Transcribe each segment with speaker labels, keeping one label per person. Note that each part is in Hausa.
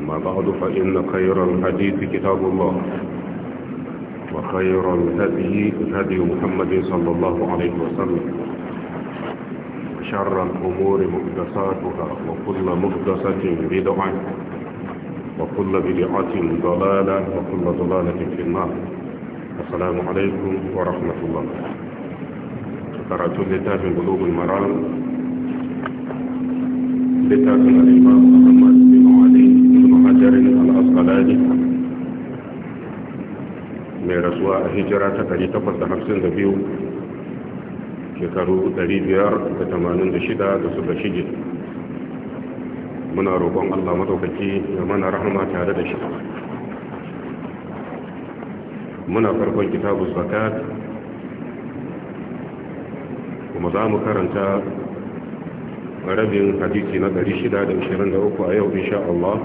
Speaker 1: أما بعد فإن خير الحديث كتاب الله وخير الهدي هدي محمد صلى الله عليه وسلم شر الأمور مقدساتها وكل مقدسة بدعة وكل بدعة ضلالة وكل ضلالة في النار السلام عليكم ورحمة الله قرأت لتاف قلوب المرام لتاف الإمام محمد hajar al mai rasuwa a hijira ta 852 shekaru 586 da suka shige muna roƙon Allah madaukaki da mana rahama tare da shi muna farkon kitabu zakat kuma za mu karanta rabin hadisi na 623 a yau insha Allah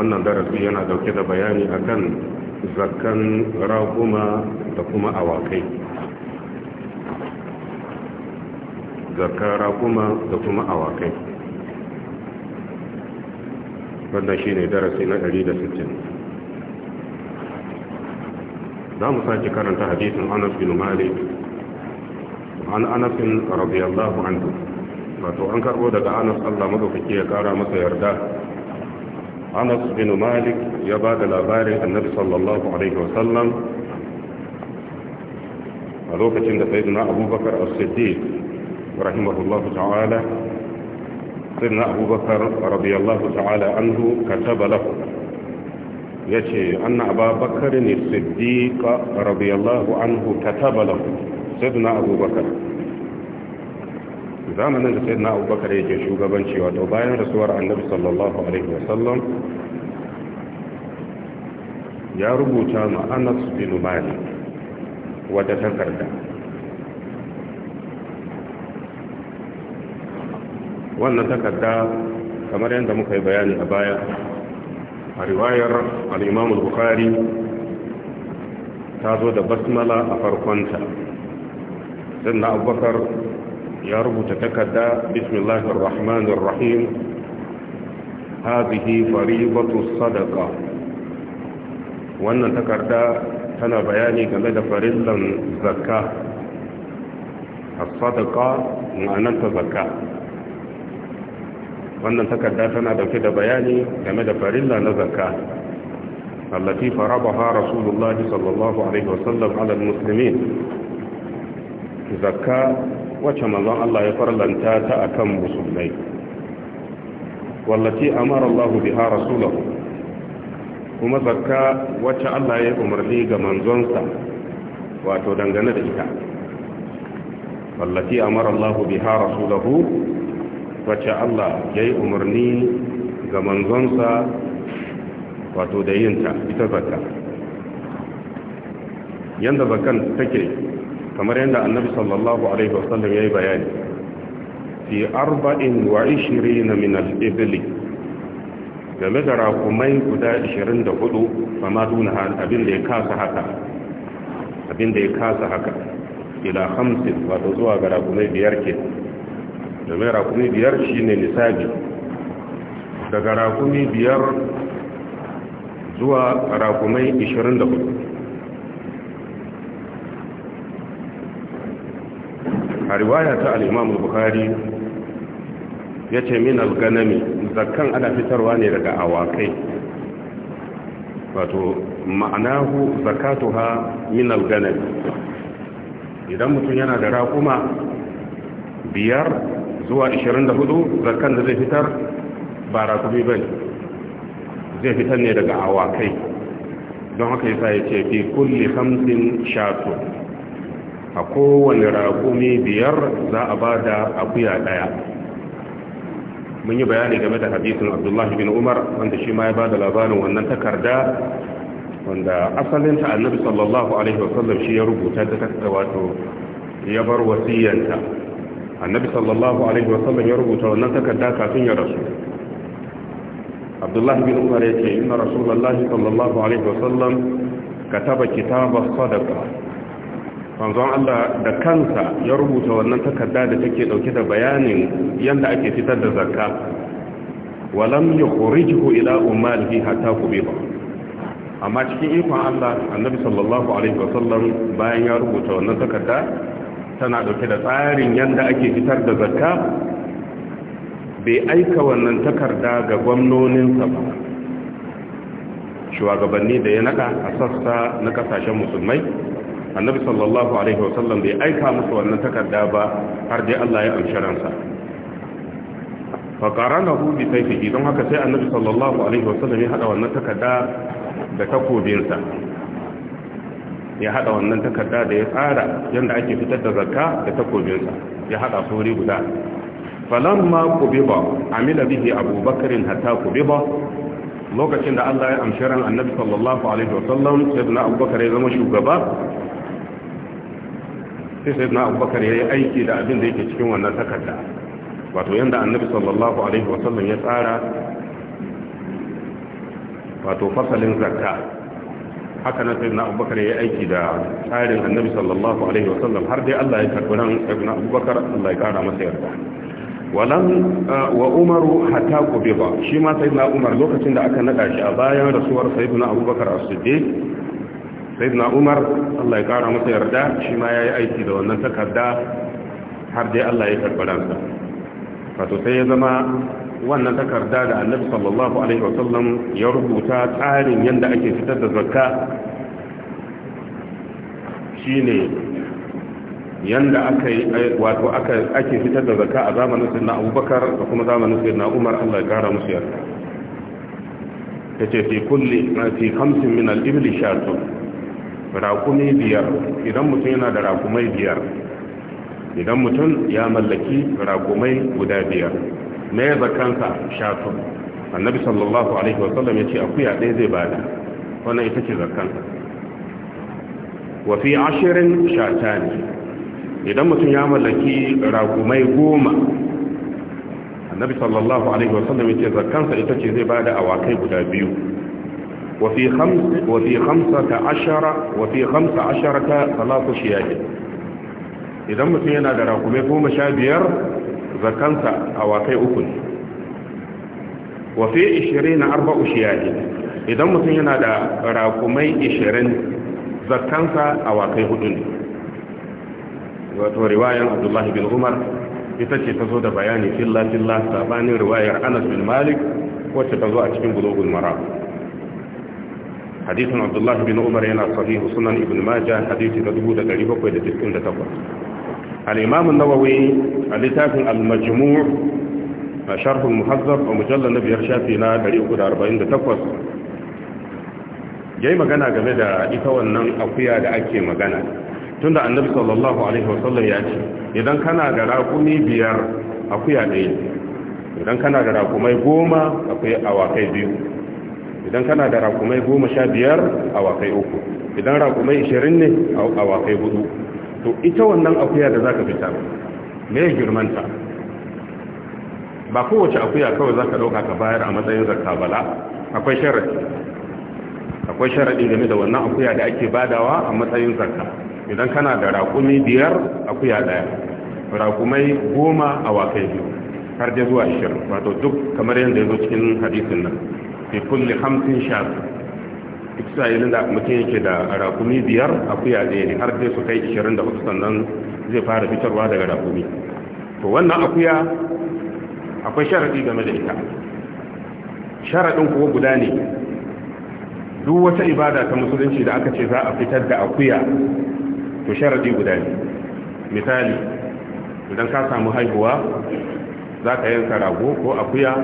Speaker 1: wannan darasi yana dauke da bayani akan zakkan raguma da kuma awakai zakkan raguma da kuma awakai wannan shi ne darasi na 160 za mu sake karanta hadisin anas bin malik an anas radiyallahu anhu wato an karbo daga anas Allah madaukake ya kara masa yarda أنس بن مالك يباد الأباري النبي صلى الله عليه وسلم ألوكة عند سيدنا أبو بكر الصديق رحمه الله تعالى سيدنا أبو بكر رضي الله تعالى عنه كتب له يشي أن أبا بكر الصديق رضي الله عنه كتب له سيدنا أبو بكر zamanin da sayyidina abubakar yake shugabanci wato bayan rasuwar annabi sallallahu alaihi wasallam ya rubuta ma'anar anas bin wata takarda wannan takarda kamar yadda muka yi bayani a baya a riwayar Alimamul bukhari ta zo da basmala a farkonta sannan abubakar يا رب يربطك بسم الله الرحمن الرحيم هذه فريضة الصدقة وأن تكرد تنا بياني كمدة فريضة زكاة الصدقة معنى زكاة وأن تكرد تنا دفد بياني كمدة فريضة نزكاة التي فرضها رسول الله صلى الله عليه وسلم على المسلمين زكاة wacce manzon Allah ya farlanta ta a akan musulmai wallace amara Allah biha rasulahu kuma zakka wacce Allah ya umarni ga manzonsa wato dangane da ita wallace amara Allah biha rasulahu wacce Allah ya yi umarni ga manzonsa wato da yinta ita zakka yanda zakkan take kamar yadda annabi sallallahu alaihi wasallam ya yi bayani fi arba'in wa ishiri na minal ibili game da rakumai guda 24 fama duna abin da ya kasa haka abin da ya kasa haka ila hamsin wato zuwa ga rakumai biyar ke domin rakumi biyar shi ne nisabi daga rakumi biyar zuwa rakumai 24 a riwaya ta al'imamu Buhari ya ce min alganami zakkan ana fitarwa ne daga awakai wato ma'anahu ha min alganami idan mutum yana da raƙuma biyar zuwa 24 zakan da zai fitar ba raƙumi ba zai fitar ne daga awakai don haka yasa ya ce fi kulle hamsin shatu a kowane raƙumi biyar za a ba da akuya ɗaya mun yi bayani game da hadisun abdullahi bin umar wanda shi ma ya ba da labarin wannan takarda wanda asalinta annabi sallallahu alaihi wasallam shi ya rubuta ta takarda wato ya bar wasiyanta annabi sallallahu alaihi wasallam ya rubuta wannan takarda kafin ya rasu abdullahi bin umar ya ce inna rasulullahi sallallahu alaihi wasallam kataba kitabas sadaqa manzon Allah da kansa ya rubuta wannan takarda da take dauke da bayanin yanda ake fitar da zakka walam yukhrijuhu ila ummatihi hatta qubida amma cikin ikon Allah annabi sallallahu alaihi wasallam bayan ya rubuta wannan takarda tana dauke da tsarin yanda ake fitar da zakka bai aika wannan takarda ga gwamnonin sa ba shugabanni da ya naka a sassa na kasashen musulmai annabi sallallahu alaihi wasallam bai aika musu wannan takarda ba har dai Allah ya amshi ransa fa qaranahu bi sayfihi don haka sai annabi sallallahu alaihi wasallam ya hada wannan takarda da takobinsa ya hada wannan takarda da ya tsara yanda ake fitar da zakka da takobinsa ya hada su wuri guda falamma kubiba amila bihi abubakarin hatta kubiba lokacin da Allah ya amshi ran annabi sallallahu alaihi wasallam sai da abubakar ya zama shugaba sai sai na abubakar ya yi aiki da abin da yake cikin wannan takarda wato yadda annabi sallallahu alaihi wasallam ya tsara wato fasalin zakka haka na sai na abubakar ya yi aiki da tsarin annabi sallallahu alaihi wasallam har dai allah ya karɓi ran sai na abubakar allah ya ƙara masa yarda walan ah, wa umaru hatta kubiba shi ma sai na umar lokacin da aka naɗa shi a bayan rasuwar sayyidina abubakar as-siddiq sayyidina umar Allah ya kara masa yarda shi ma yi aiki da wannan takarda har dai Allah ya karbaransa wato sai ya zama wannan takarda da annabi sallallahu alaihi wasallam ya rubuta tsarin yanda ake fitar da zakka shine yanda aka yi wato ake fitar da zakka a zamanin sayyidina Abubakar da kuma zamanin sayyidina Umar Allah ya kara musu yarda ce fi na fi hamsin min al-ibli shatun raƙumi biyar idan mutum yana da rakumai biyar idan mutum ya mallaki rakumai guda biyar me ya zakanka shatu annabi sallallahu alaihi wasallam ya ce akuya ɗaya zai bada wannan ita ce zakansa wafi ashirin shata ne idan mutum ya mallaki rakumai goma annabi sallallahu alaihi wasallam ya ce zakanka ita ce zai bada awakai guda biyu وفي خمس وفي خمسة عشر وفي خمسة عشرة ثلاث شياه إذا مثل ينا دراكم يقوم شابير زكانسا أواكي أكل وفي عشرين أربع شياه إذا مثل ينا دراكم عشرين زكانسا أواكي هدن wato riwayar abdullahi bin umar ita ce ta zo da bayani filla-filla sabanin riwayar anas bin malik wacce ta zo a cikin bulogun mara hadisin abdullahi bin umar yana sahihu sunan ibn majah hadisi na 1798 al-imam an-nawawi a littafin al-majmu' a sharh muhazzab a mujallal na biyar shafi na 348 yayi magana game da ita wannan akuya da ake magana tunda annabi sallallahu alaihi wasallam ya ce idan kana da raƙumi biyar akuya ɗaya idan kana da raƙumai goma akwai awakai biyu idan kana da rakumai goma sha biyar a wakai uku idan rakumai ishirin ne a wakai hudu to ita wannan akuya da za ka fita me girmanta ba kowace akuya kawai za ka dauka ka bayar a matsayin zarka bala akwai sharaɗi akwai sharaɗi game da wannan akuya da ake badawa a matsayin zarka idan kana da rakumai biyar akuya ɗaya rakumai goma a wakai biyu har da zuwa ishirin, wato duk kamar yadda ya zo cikin hadisin nan fi kulli hamsin shafi duk yi da mutum yake da rakumi biyar akuya ɗaya ne har sai su kai ishirin da hudu sannan zai fara fitarwa daga rakumi to wannan akuya akwai sharaɗi game da ita sharaɗin kuwa guda ne duk wata ibada ta musulunci da aka ce za a fitar da akuya to sharaɗi guda ne misali idan ka samu haihuwa za ka yanka rago ko akuya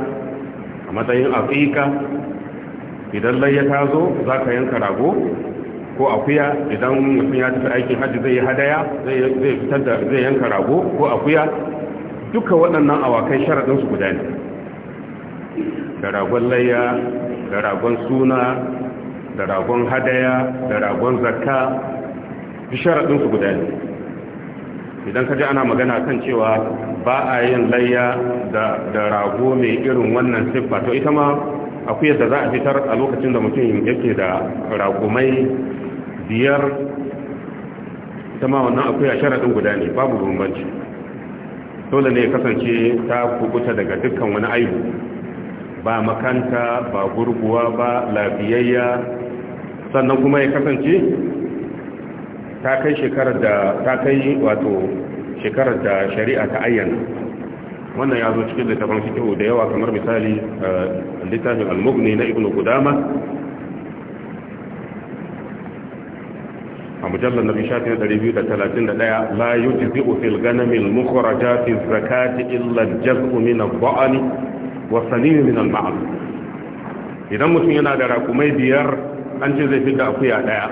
Speaker 1: a matsayin afirka idan layya ta zo za ka yanka rago ko akuya idan mutum ya tafi aikin hajji zai yi hadaya zai fitar da zai yanka rago ko akuya duka waɗannan awakai sharaɗin su guda ne da ragon layya da ragon suna da ragon hadaya da ragon zakka duk sharaɗin su guda ne idan ka ji ana magana kan cewa ba a yin layya da rago mai irin wannan siffa to ita ma akwai yadda za a fitar a lokacin da mutum yake da ragumai biyar ita ma wannan akwai a sharaɗin guda ne babu bambanci dole ne ya kasance ta kubuta daga dukkan wani aibu ba makanta ba gurguwa ba lafiyayya sannan kuma ya kasance ta kai shekarar da ta kai wato shekarar da shari'a ta ayyana wannan ya zo cikin littafin fiqh da yawa kamar misali eh, littafin al-mughni na ibnu qudama a mujallar na bishafi na 231 la yujzi'u fil ganami al-mukhrajati az-zakati illa al-jaz'u min al-dha'ni wa salim min al-ma'al
Speaker 2: idan mutum yana da rakumai biyar an ce zai fi da akuya daya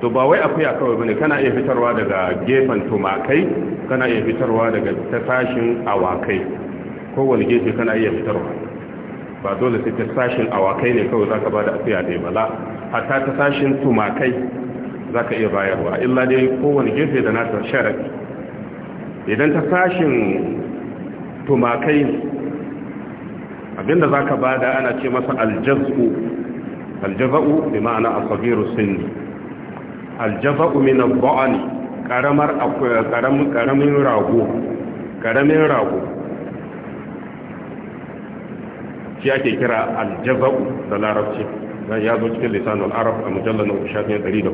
Speaker 1: to ba wai akuya kawai bane kana iya fitarwa daga gefen tumakai kana iya fitarwa daga ta sashin awakai kowane gefe kana iya fitarwa ba dole sai ta sashin awakai ne kawai zaka bada akuya dai bala hatta ta sashin tumakai zaka iya bayarwa illa dai kowane gefe da nasa sharadi idan ta sashin tumakai abinda zaka bada ana ce masa aljaz'u aljazu bi ma'ana asabiru sinni aljaza'u min al-ba'ani karamar karamin karamin rago karamin rago shi ake kira aljaza'u da larabci dan ya zo cikin al arab a mujallal na kudu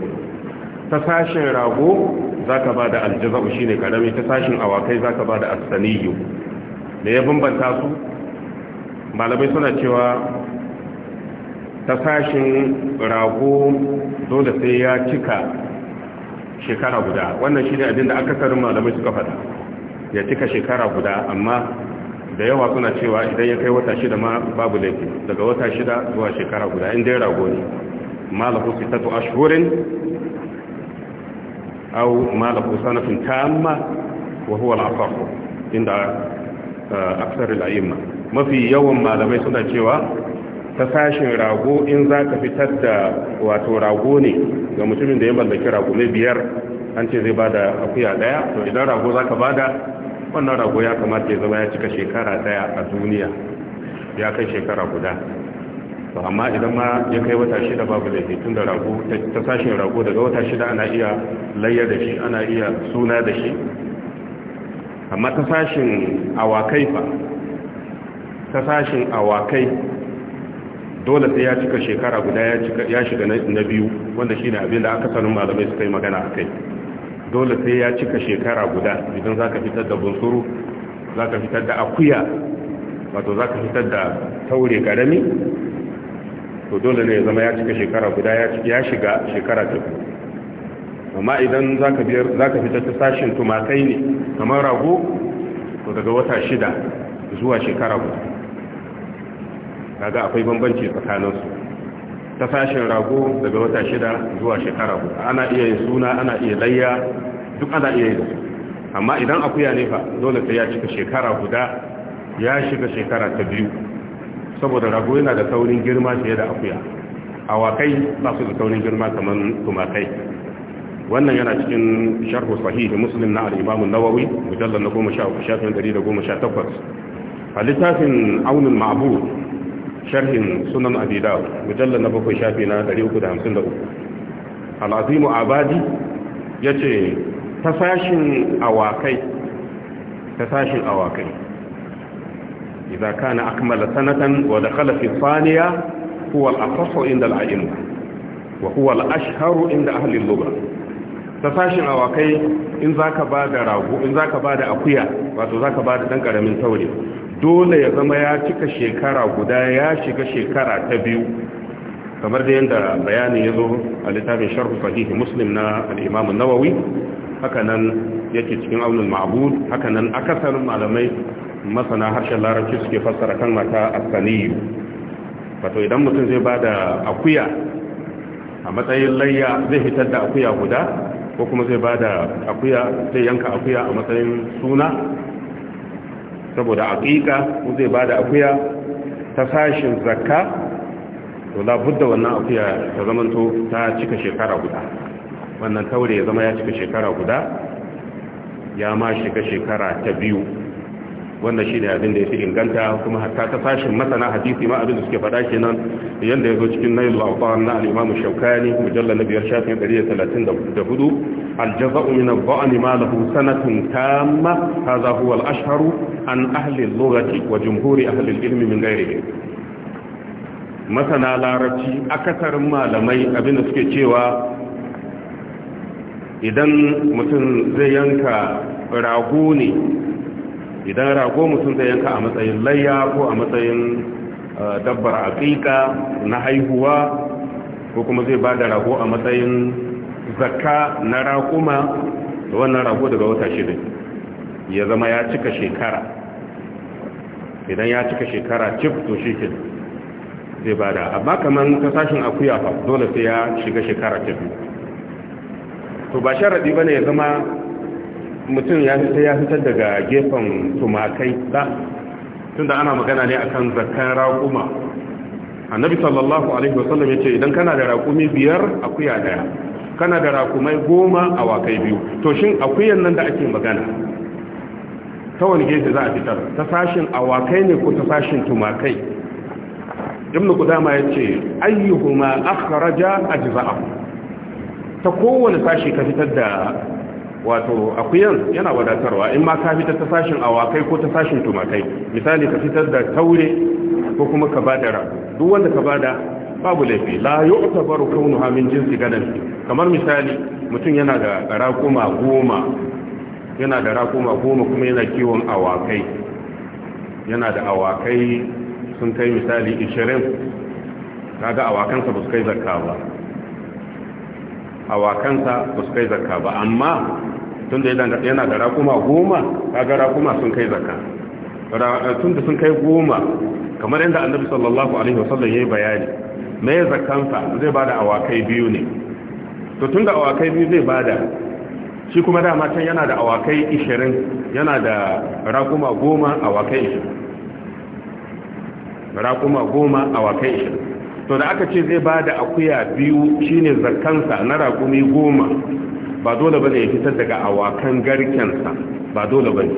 Speaker 1: ta sashin rago zaka ba da aljaza'u shine karami ta sashin awakai zaka ba da as-saniyyu da ya bambanta su malamai suna cewa ta sashin rago dole sai ya cika shekara guda wannan shi ne abin da akasarin malamai suka fada ya cika shekara guda amma da yawa suna cewa idan ya kai wata shida ma babu laifi daga wata shida zuwa shekara guda in dai rago ne malafu a shurin au malafu sanafin ta amma wahuwa al inda eh, aksar al mafi yawan malamai suna cewa ta sashin rago in za ka fitar da wato rago ne ga mutumin da ya mallaki rago mai biyar an ce zai bada akuya daya to idan rago za ka bada wannan rago ya kamata ya zama ya cika shekara daya a duniya ya kai shekara guda to amma idan ma ya kai wata shida babu ke tun da rago ta sashin rago daga wata shida ana iya layar da shi ana iya suna da shi amma ta sashin awakai fa ta sashin awakai dole sai ya cika shekara guda ya shiga na biyu wanda shine abin da aka sanin malamai su kai magana a kai dole sai ya cika shekara guda idan za ka fitar da bunsuru za ka fitar da akuya wato za ka fitar da taure karami to dole ne ya zama ya cika shekara guda ya shiga shekara ta amma idan za ka fitar da sashin tumakai ne kamar rago to daga wata shida zuwa shekara guda kaga akwai bambanci tsakaninsu. su ta rago daga wata shida zuwa shekara hudu ana iya yin suna ana iya layya duk ana iya yin amma idan akuya ne fa dole sai ya cika shekara guda ya shiga shekara ta biyu saboda rago yana da saurin girma fiye da akuya awakai ba su da saurin girma kamar tumakai wannan yana cikin sharhu sahihi muslim na al-imam an-nawawi mujallal na 13 shafin 118 a littafin aunul ma'bud sharhin sunan abi dawud na bakwai shafi na 353 al-azimu abadi yace ta sashin awakai ta sashin awakai idza kana akmala sanatan wa dakhala fi thaniya huwa al-afsahu inda al-a'imma wa huwa al-ashharu inda ahli al-lugha ta sashin awakai in zaka bada rago in zaka bada akuya wato zaka bada dan karamin taure dole ya zama ya cika shekara guda ya shiga shekara ta biyu kamar da yadda bayanin ya zo a littafin sharhu sahihi muslim na al'imamun nawawi hakanan yake cikin aunin ma'abud hakanan akasar malamai masana harshen larabci suke fassara kan mata asaniyu wato idan mutum zai ba da akuya a matsayin layya zai fitar da akuya guda ko kuma zai ba da akuya zai yanka akuya a matsayin suna saboda aqiqa ko zai bada akuya ta sashin zakka to budda wannan akuya ta zamanto ta cika shekara guda wannan taure ya zama ya cika shekara guda ya ma shiga shekara ta biyu wannan ne abin da ya fi inganta kuma hatta ta fashin masana hadisi ma abin da suke faɗa kenan yadda ya zo cikin nail al-awtan na al-imam shaukani mujallal na biyar shafin da al-jaza'u min al-dha'ni ma lahu sanatun tamma hadha huwa al an ahli al-lughati wa jumhuri ahli ilmi min ghairihi masana larabci akasarin malamai abin da suke cewa idan mutum zai yanka rago ne idan rago mutum zai yanka a matsayin layya ko a matsayin uh, dabbar aƙiƙa na haihuwa ko kuma zai ba da rago a matsayin zakka na raƙuma da wannan rago daga wata shirin ya zama ya cika shekara idan ya cika shekara cif to shi ke zai bada amma kamar kasashen akuya fa dole sai ya shiga shekara cif to ba ba ne ya zama mutum ya fita ya fitar daga gefen tumakai da tunda ana magana ne akan zakkan raƙuma annabi sallallahu alaihi wasallam ce idan kana da raƙumi biyar akuya daya kana da raƙumai goma wakai biyu to shin akuyan nan da ake magana ta wani gefe za a fitar ta sashin awakai ne ko ta sashin tumakai ibn qudama yace ayyuhuma akhraja ajza'ahu ta kowane sashi ka fitar da wato akuyan yana wadatarwa in ma ka fitar ta sashin awakai ko ta sashin tumakai misali ka fitar da taure ko kuma ka bada ra duk wanda ka bada babu laifi la yu'tabaru kaunu min jinsi gadan kamar misali mutum yana da rakuma goma yana da rakuma goma kuma yana kiwon awakai yana da awakai sun kai misali 20 kaga awakansa ba su kai zakka ba awakansa ba su kai zakka ba amma tun da yana da rakuma goma ta ga rakuma sun kai zakka tun da sun kai goma kamar yadda annabi sallallahu alaihi wasallam ya yi bayani me zarkansa zai bada awakai biyu ne to tun da awakai biyu zai bada shi kuma dama can yana da awakai ishirin, yana da rakuma goma awakai ishirin. rakuma goma awakai ishirin. to da aka ce zai ba da akuya biyu shine zakansa na rakumi goma ba dole bane ya fitar daga awakan garkensa ba dole bane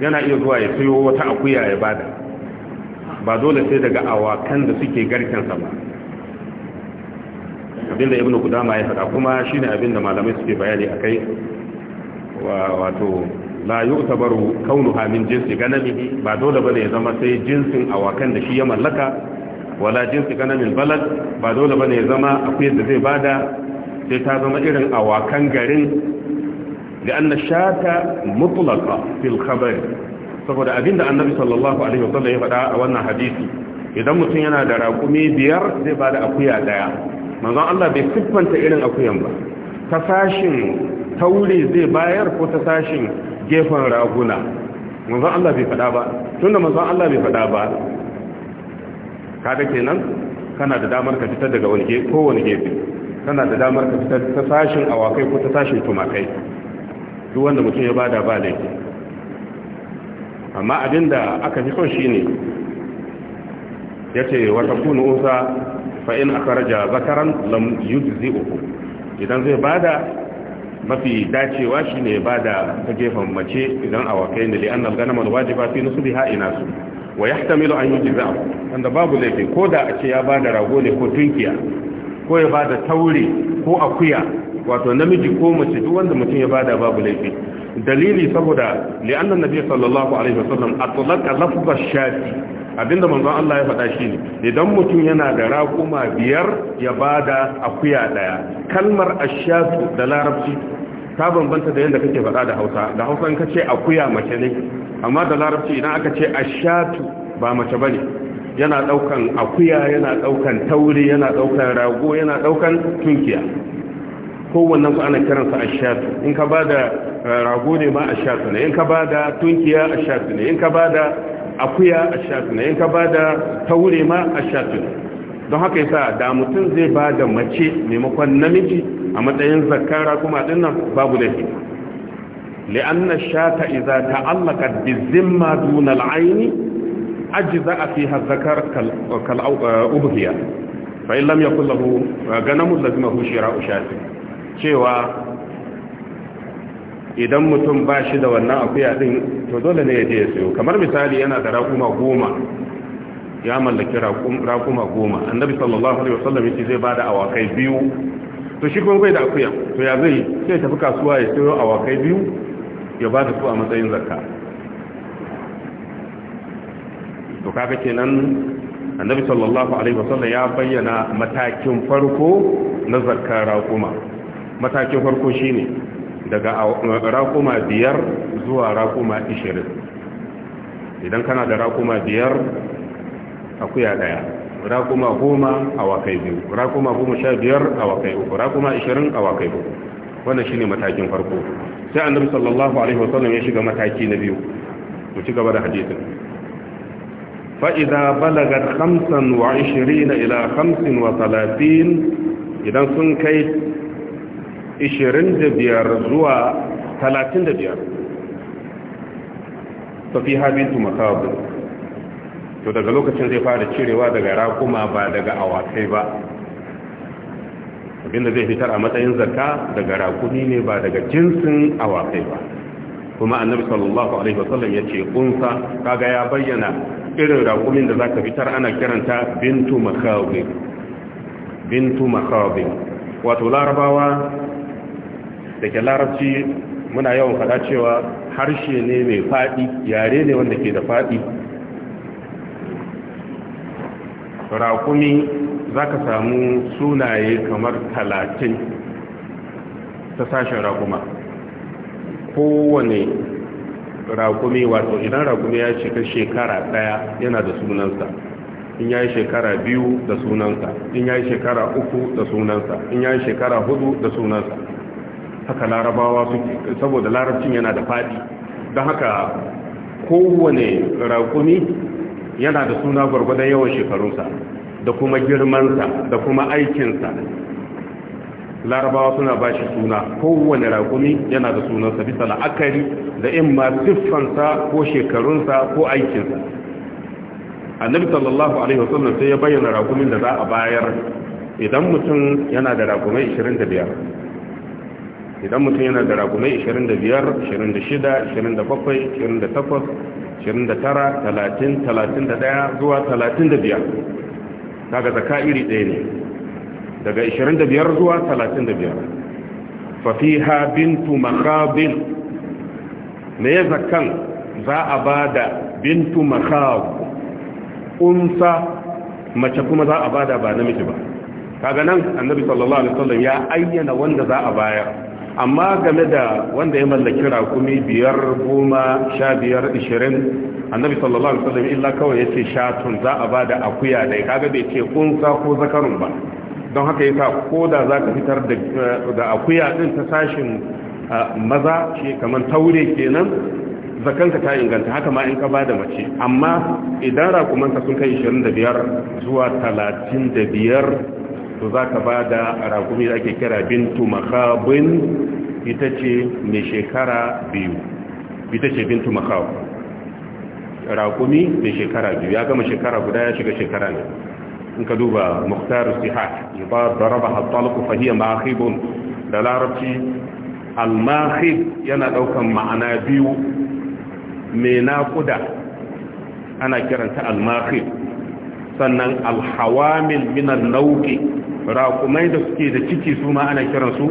Speaker 1: yana iya zuwa ya sayo wata akuya ya bada ba dole sai daga awakan da suke garkensa ba abinda ibnu kudama ya faɗa kuma shine abinda malamai suke bayani akai wato la yu'tabaru kaunuha min jinsi ganamihi ba dole bane ya zama sai jinsin awakan da shi ya mallaka wala jinsi kanamin balad ba dole ba ne zama akwai da zai bada sai ta zama irin awakan garin da anna shata mutlaqa fil khabar saboda abinda annabi sallallahu alaihi wasallam ya faɗa a wannan hadisi idan mutum yana da raƙumi biyar zai bada akuya daya manzon Allah bai siffanta irin akuyan ba ta sashin tauri zai bayar ko ta sashin gefen raguna manzon Allah bai faɗa ba tunda manzon Allah bai faɗa ba kaga kenan kana da damar ka fitar daga wani gefe ko wani gefe kana da damar ka fitar ta sashin awakai ko ta sashin tumakai duk wanda mutum ya bada ba laifi amma abinda aka fi son shine yace wa takunu usa fa in akhraja zakaran lam uku. idan zai bada mafi dacewa shine bada ta gefen mace idan awakai ne li annal ganamul wajiba fi nusbiha inasu wa milo an yujza wanda babu laifi ko da a ce ya bada rago ne ko tunkiya ko ya da taure ko akuya wato namiji ko mace duk wanda mutum ya bada babu laifi dalili saboda li'anna nabi sallallahu alaihi wasallam atlaqa lafza shati abinda manzon Allah ya faɗa shine idan mutum yana da raƙuma biyar ya bada akuya daya kalmar ashatu da larabci ta bambanta da yadda kake faɗa da hausa da hausa in ka ce akuya mace ne amma da larabci idan aka ce ashatu ba mace bane yana daukan akuya yana daukan taure yana daukan rago yana daukan tunkiya kowannan su ana kiransa ashatu in ka bada eh, rago ne ma ashatu ne in ka bada tunkiya ashatu ne in ka bada akuya ashatu ne in ka bada taure ma ashatu ne don haka yasa da mutum zai ba da mace maimakon namiji a matsayin zakara kuma din nan babu da shi li'anna shata idza ta'allaqat bi zimma dun za a ajza fiha zakar kal uh, ubhiya fa in yakul lahu uh, ganamun lazimahu shira'u shati cewa idan mutum ba shi da wannan akuya din to dole ne ya je ya sayo kamar misali yana da raƙuma goma ya mallaki raƙuma goma annabi sallallahu alaihi wasallam yace zai bada awakai biyu to shi kuma bai da akuya to ya zai sai tafi kasuwa ya sayo awakai biyu ya bada su a matsayin zakka to kaga kenan annabi sallallahu alaihi wasallam ya bayyana matakin farko na zakka raƙuma matakin farko shine daga raƙuma biyar zuwa raƙuma 20
Speaker 2: idan kana da raƙuma
Speaker 1: biyar akuya daya kuma goma awakai biyu kuma goma sha biyar awakai uku kuma ishirin awakai uku wannan shine matakin farko sai annabi sallallahu alaihi wasallam ya shiga mataki na biyu mu ci gaba da hadisin fa idza balagat 25 ila 35 idan sun kai 25 zuwa 35 fa fi hadithu makabir to daga lokacin zai fara cirewa daga rakuma ba daga awakai ba abinda zai fitar a matsayin zata daga rakumi ne ba daga jinsin awakai ba kuma annabi sallallahu alaihi wasallam yace kunsa kaga ya bayyana irin rakumin da zaka fitar ana kiranta bintu makawib bintu makawib wato larabawa da ke larabci muna yawan faɗa cewa harshe ne mai faɗi, yare ne wanda ke da faɗi. raƙumi za ka samu sunaye kamar talatin ta sashen raƙuma kowane raƙumi wato idan raƙumi ya cika shekara ɗaya yana da sunansa in ya yi shekara biyu da sunansa in ya yi shekara uku da sunansa in ya yi shekara hudu da sunansa haka larabawa suke saboda larabcin yana da faɗi don haka kowane raƙumi yana da suna gwargwadon yawan shekarunsa da kuma girmansa da kuma aikinsa larabawa suna ba shi suna kowane raƙumi yana da sunansa bisa la'akari da in ma siffansa ko shekarunsa ko aikinsa annabi sallallahu alaihi wasallam sai ya bayyana raƙumin da za a bayar idan mutum yana da raƙumai 25 idan mutum yana da raƙumai 25 26 27 28 29 30 31 zuwa 35 daga zaka iri ɗaya ne daga 25 zuwa 35 fafiha bintu makhabin me ya zakan za a ba da bintu makhab Umsa mace kuma za a ba da ba namiji ba kaga nan annabi sallallahu alaihi wasallam ya ayyana wanda za a bayar amma game da wanda ya mallaki rakumi biyar goma sha biyar ishirin annabi sallallahu alaihi wasallam illa kawai ya ce shatun za a ba da akuya da ya kaga bai ce kunsa ko zakarun ba don haka yasa ko da za ka fitar da akuya din ta sashin maza shi kamar taure kenan zakanka ta inganta haka ma in ka bada mace amma idan rakumanka sun kai 25 zuwa 35 to za ka ba da rakumi da ake kira bintu makabin ita ce mai shekara biyu ita ce bintu makab rakumi mai shekara biyu ya gama shekara guda ya shiga shekara ne in ka duba muhtar sihat ya ba da raba hattalaku fahiyar mahibun da larabci almahib yana daukan ma'ana biyu mai naƙuda ana kiranta almahib sannan alhawamil minan nauki raƙumai da suke da ciki su ma ana kiransu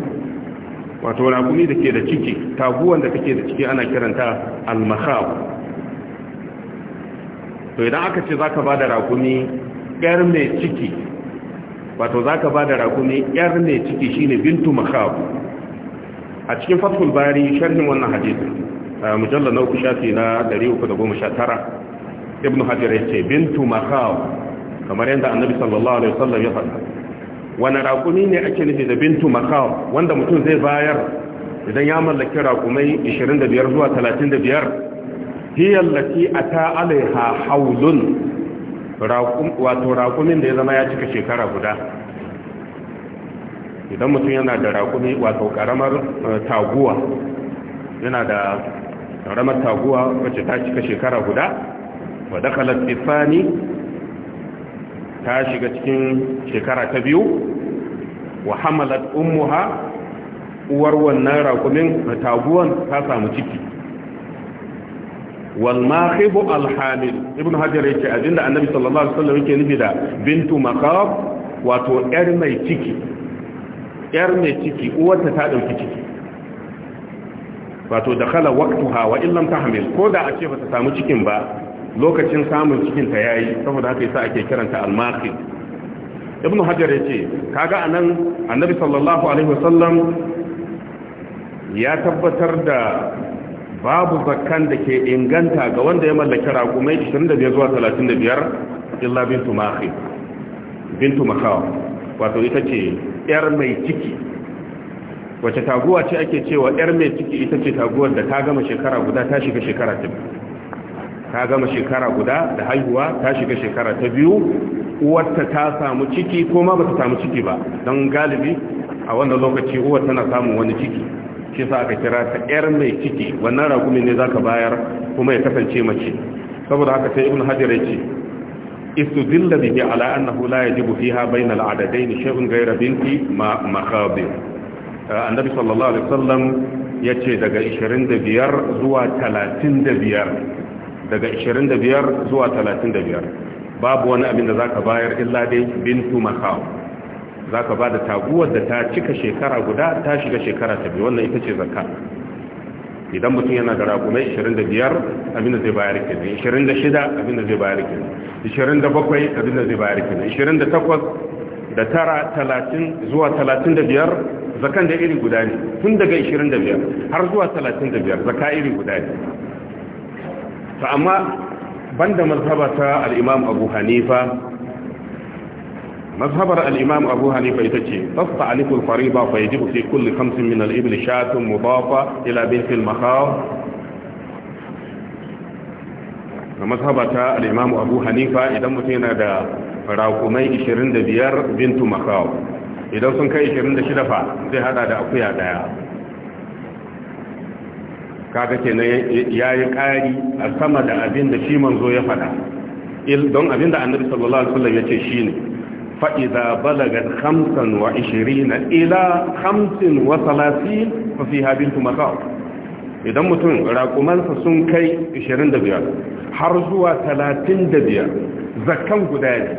Speaker 1: wato raƙumi da ke da ciki taguwan da take da ciki ana kiranta almahaw to idan aka ce za ka ba da raƙumi ƴar mai ciki wato za ka ba da raƙumi ƴar mai ciki shine bintu mahaw a cikin fatul bari sharhin wannan hadisin mujallar na uku shafi na 319 ibn ya ce bintu mahaw kamar yadda annabi sallallahu alaihi wasallam ya faɗa wani raƙumi ne ake nufi da bintu makaw wanda mutum zai bayar idan ya mallaki raƙumai 25 zuwa 35 hiya lati ata ta alaiha haulun wato raƙumin da ya zama ya cika shekara guda idan mutum yana da raƙumi wato ƙaramar eh, taguwa yana da ƙaramar taguwa wacce ta cika shekara guda wa dakalat ifani ta shiga cikin shekara ta biyu wa hamalat ummuha uwar wannan rakumin da taguwan ta samu ciki wal mahibu al hamil ibn hajar yace abinda annabi sallallahu alaihi wasallam yake nufi da bintu maqab wato yar mai ciki yar mai ciki uwarta ta dauki ciki wato dakhala waqtaha wa illam tahmil ko da a ce bata samu cikin ba lokacin samun cikin ta yayi saboda haka yasa ake kiranta al-maqi ibn hajar yace kaga anan annabi sallallahu alaihi wasallam ya tabbatar da babu zakkan da ke inganta ga wanda ya mallaki raƙumai 25 zuwa 35 illa bintu maqi bintu makawa wato ita ce yar mai ciki wace taguwa ce ake cewa yar mai ciki ita ce taguwar da ta gama shekara guda ta shiga shekara ta gama shekara guda da haihuwa ta shiga shekara ta biyu uwarta ta samu ciki ko ma ba ta samu ciki ba don galibi a wannan lokaci uwar tana samun wani ciki shi sa aka kira ta yar mai ciki wannan ragumi ne za ka bayar kuma ya kasance mace saboda haka sai ibn hajar ya ce istudilla bihi ala annahu la yajibu fiha bayna al-adadayn shay'un ghayra binti ma makhabir eh, annabi sallallahu alaihi wasallam yace daga 25 zuwa 35 daga 25 zuwa 35 babu wani abin da zaka bayar illa dai bin bintu ka zaka bada taguwar da ta cika shekara guda ta shiga shekara ta biyu wannan ita ce zakka idan mutum yana da rakumai 25 abin da zai bayar kenan 26 abin da zai bayar kenan 27 abin da zai bayar kenan 28 da tara 30 zuwa 35 zakan da iri guda ne tun daga 25 har zuwa 35 zaka iri guda ne to amma banda mazhaba ta al'imam abu hanifa mazhabar al-imam abu hanifa ita ce tasfa alikul fariba fa yajibu fi kulli khamsin min al-ibl shatun mudafa ila bint al-makhaw ga mazhabata al'imamu abu hanifa idan mutum yana da rakumai 25 bintu makawo idan sun kai 26 fa zai hada da akuya daya Ka kaga kenan yayi ƙari a sama da abin da shi manzo ya faɗa il don abin da annabi sallallahu alaihi wasallam ne. Fa'iza fa hamsin wa 25 ila hamsin 35 fa fi bintu maqaw idan mutum raƙumansa sun kai 25 har zuwa 35 Zakan guda ne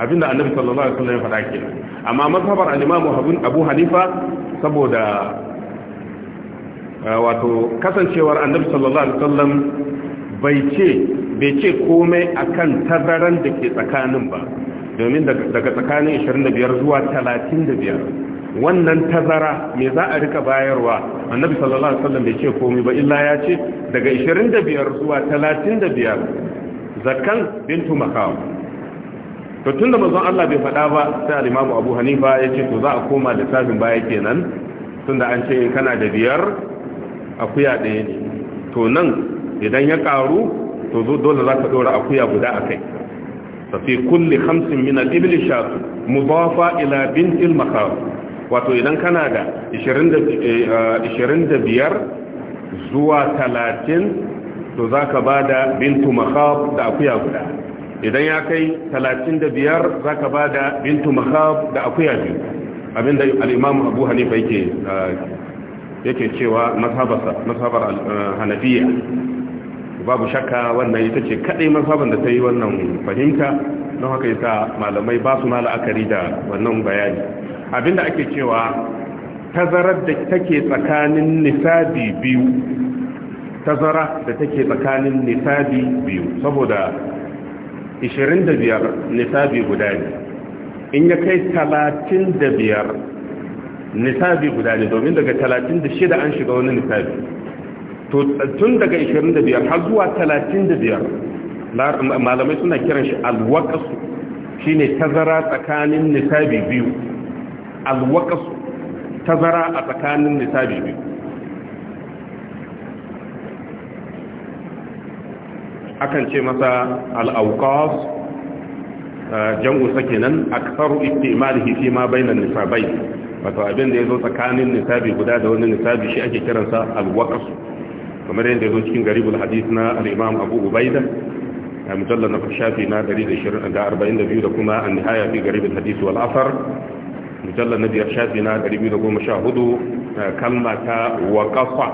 Speaker 1: abinda annabi sallallahu alaihi wasallam ya faɗa kenan amma mazhabar al-imam Abu Hanifa saboda Eh, wato kasancewar annabi sallallahu alaihi wasallam bai ce bai ce komai akan tazaran da ke tsakanin ba domin daga tsakanin 25 zuwa 35 wannan tazara me za a rika bayarwa annabi sallallahu alaihi wasallam bai ce komai ba illa ya ce daga 25 zuwa 35 zakan bintu makawa to tunda manzon Allah bai faɗa ba sai al-Imam Abu Hanifa yace to za a koma lissafin baya kenan tunda an ce kana da biyar akuya ɗaya ne to nan idan ya ƙaru to dole za ka ɗora akuya guda a kai fi kulli hamsin min al-ibli shatu fa ila bin al-makhar wato idan kana da 25 eh, zuwa 30 to za ka ba da bintu makhab da akuya guda idan ya kai 35 ba da bintu makhab da akuya biyu abinda al-imam Abu hannifa yake eh, yake cewa mazhabar eh, hanafiya babu shakka wannan ita ce kadai mazhabar da ta yi wannan fahimta don haka yasa malamai ba su la'akari da wannan bayani abinda ake cewa tazarar da take tsakanin nisabi biyu tazara da take tsakanin nisabi biyu saboda 25 nisabi guda ne in ya kai 35 nisabi guda ne domin daga 36 an shiga wani nisabi to tun daga 25 har zuwa 35 malamai suna kiran shi shi ne tazara tsakanin nisabi biyu alwaqasu tazara a tsakanin nisabi biyu akan ce masa al'aukas eh, jan’usa kenan aksaru istimalihi fi ma bainan nisabai wato abin da ya zo tsakanin nisabi guda da wani nisabi shi ake kiransa alwakasu kamar yadda ya zo cikin garibul hadith na al'imam abu ubaida a mujallar na shafi na 142 da kuma an nihaya fi garibul hadith wal asar mujallar na biyar shafi na 214 kalma ta wakafa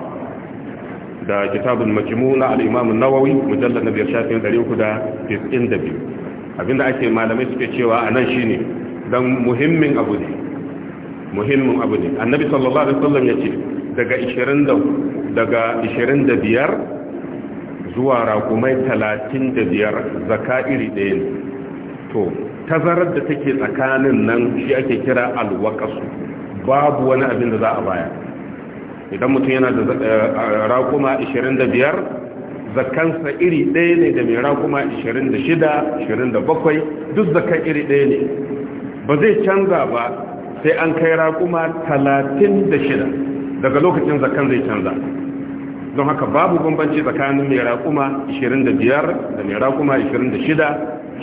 Speaker 1: da kitabun majmu na al'imam nawawi mujallar na biyar shafi na 392 abinda ake malamai suke cewa a nan shine dan muhimmin abu ne muhimmin abu ne annabi sallallahu alaihi wasallam ya ce daga 20 daga 25 zuwa rakumai 35 zaka iri ɗaya ne to tazarar da take tsakanin nan shi ake kira alwaqasu babu wani abin da za a baya idan mutum yana da eh, rakuma 25 zakansa iri ɗaya ne da mera kuma 26 27 duk zakan iri ɗaya ne ba zai canza ba sai an kai raƙuma talatin da shida daga lokacin zakan zai canza don haka babu bambanci tsakanin mai raƙuma 25 da mai raƙuma 26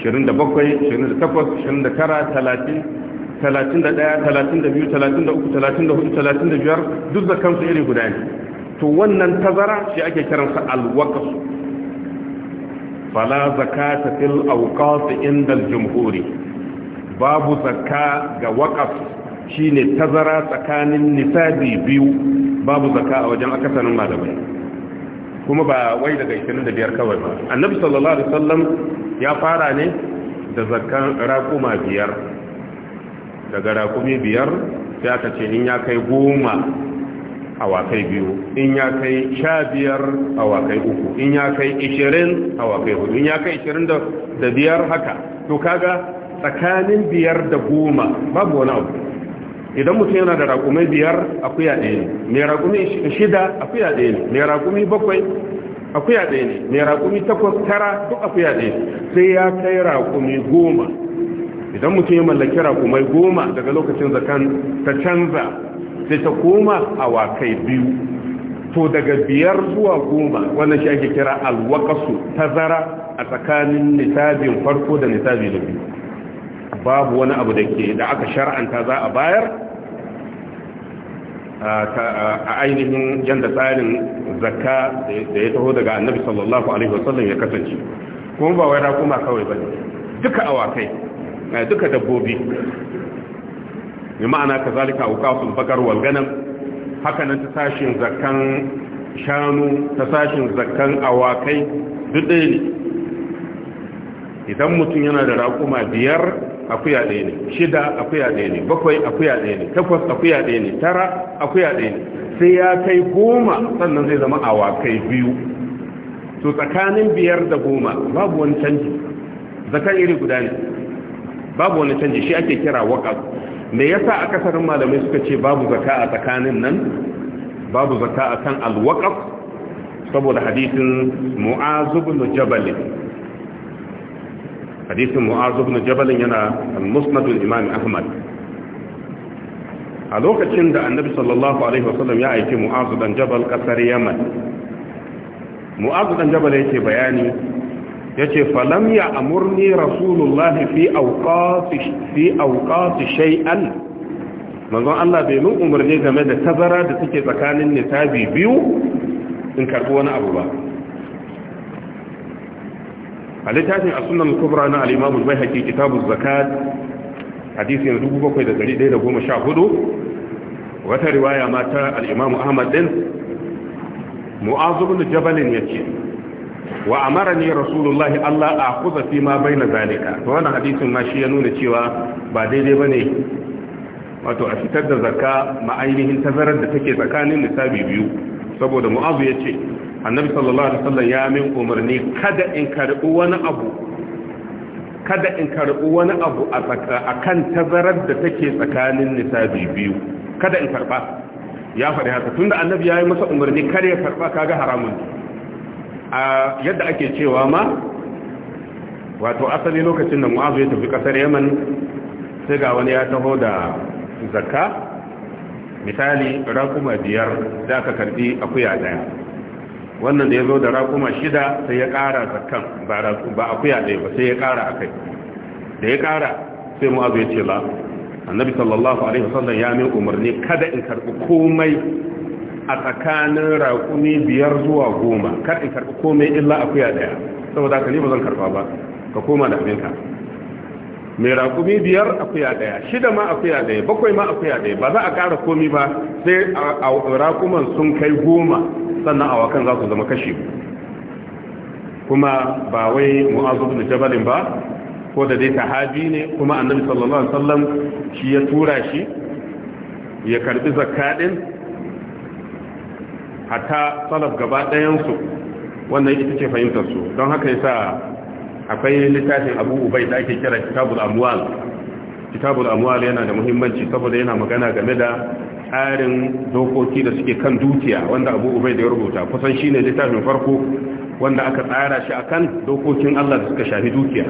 Speaker 1: 27 28 29 duk zakansu iri guda ne to wannan tazara shi ake kiransa alwaqas fala ta fil awqas inda al-jumhuri babu zakka ga waqaf Shi ne tazara tsakanin nisabi biyu babu zaka a wajen akasarin malamai kuma ba wai daga 25 kawai ba annabi sallallahu alaihi wasallam ya fara ne da zakan raquma biyar daga raƙumi biyar sai aka ce in ya kai goma wakai biyu in ya kai sha biyar wakai uku in ya kai ishirin wakai hudu in ya kai ishirin da biyar haka to kaga tsakanin biyar da goma babu wani abu idan mutum yana da rakumai biyar akuya ɗaya ne mai raƙumi shida akuya ɗaya ne mai raƙumi bakwai akuya ɗaya ne mai raƙumi takwas tara duk akuya ɗaya sai ya kai raƙumi goma idan mutum ya mallaki rakumai goma daga lokacin zakan ta canza sai ta koma a wakai biyu to daga biyar zuwa goma wannan shi ake kira alwakasu tazara a tsakanin nisabin farko da nisabi na biyu babu wani abu da ke da aka shar'anta za a bayar a ainihin yadda tsarin zakka da ya taho daga annabi sallallahu alaihi wasallam ya kasance kuma ba wai rakuma kawai ba duka awakai eh, duka dabbobi ne ma'ana ka zalika auqasul bakar wal ganam haka nan ta sashin zakkan shanu ta sashin zakkan awakai duk ɗaya ne idan mutum yana da raƙuma biyar akuya ɗaya ne shida akuya ɗaya ne bakwai akuya ɗaya ne takwas akuya ɗaya ne tara akuya ɗaya ne sai ya kai goma sannan zai zama awakai biyu to tsakanin biyar da goma babu wani canji zakan iri guda ne babu wani canji shi ake kira waƙa me yasa akasarin malamai suka ce babu zaka a tsakanin nan babu zaka a kan alwaƙaf saboda hadisin mu'azubu bin jabal hadisin mu'azu ibn jabal yana al-musnad al-imam ahmad a lokacin da annabi sallallahu alaihi wasallam ya aiki mu'azu dan jabal kasar yaman mu'azu dan jabal yake bayani yace falam ya amurni rasulullahi fi awqati fi awqati shay'an manzon Allah bai mun umarni game da tazara da take tsakanin nisabi biyu in karbi wani abu ba a littafin a sunan kubra na al'imamun bai haƙi kitabun zakat hadisin 7,114 wata riwaya mata al'imamu ahmad din mu'azubun jabalin ya ce wa amara ne rasulullah allah a kuza fi ma bai na zalika ta wani hadisin ma shi ya nuna cewa ba daidai ba ne
Speaker 2: wato a fitar da zaka ma'ainihin tazarar da take
Speaker 1: tsakanin nisabi biyu saboda mu'azu ya ce annabi sallallahu alaihi wasallam ya min umarni kada in karbi wani abu kada in karbi wani abu a tsaka akan tazarar da take tsakanin nisabi biyu kada in karba ya faɗi haka tunda annabi ya yi masa umarni kar ya karba kaga haramun a yadda ake cewa ma wato asali lokacin da mu'azu ya tafi kasar yaman sai ga wani ya taho da zakka misali rakuma biyar da aka karbi akuya daya wannan da ya zo da raƙuma shida sai ya ƙara kan ba akuya ɗaya ba sai ya ƙara a kai da ya ƙara sai mu'azu ya ce la annabi sallallahu alaihi wasallam ya min umarni kada in karɓi komai a tsakanin raƙumi biyar zuwa goma kar in karɓi komai illa akuya ɗaya saboda haka ni ba zan karɓa ba ka koma da abinka mai raƙumi biyar akuya ɗaya shida ma akuya ɗaya bakwai ma akuya ɗaya ba za a ƙara komi ba sai raƙuman sun kai goma sannan awakan za su zama kashi kuma ba wai mu'azu da jabalin ba ko da dai ta sahabi ne kuma annabi sallallahu alaihi wasallam shi ya tura shi ya karbi zakadin hatta salaf gaba ɗayan su wannan ita ce fahimtar su don haka yasa akwai littafin abu ubai da ake kira kitabul amwal kitabul amwal yana da muhimmanci saboda yana magana game da tsarin dokoki da suke kan dukiya wanda abu ubai da ya rubuta kusan shine littafin farko wanda aka tsara shi akan dokokin Allah da suka shafi dukiya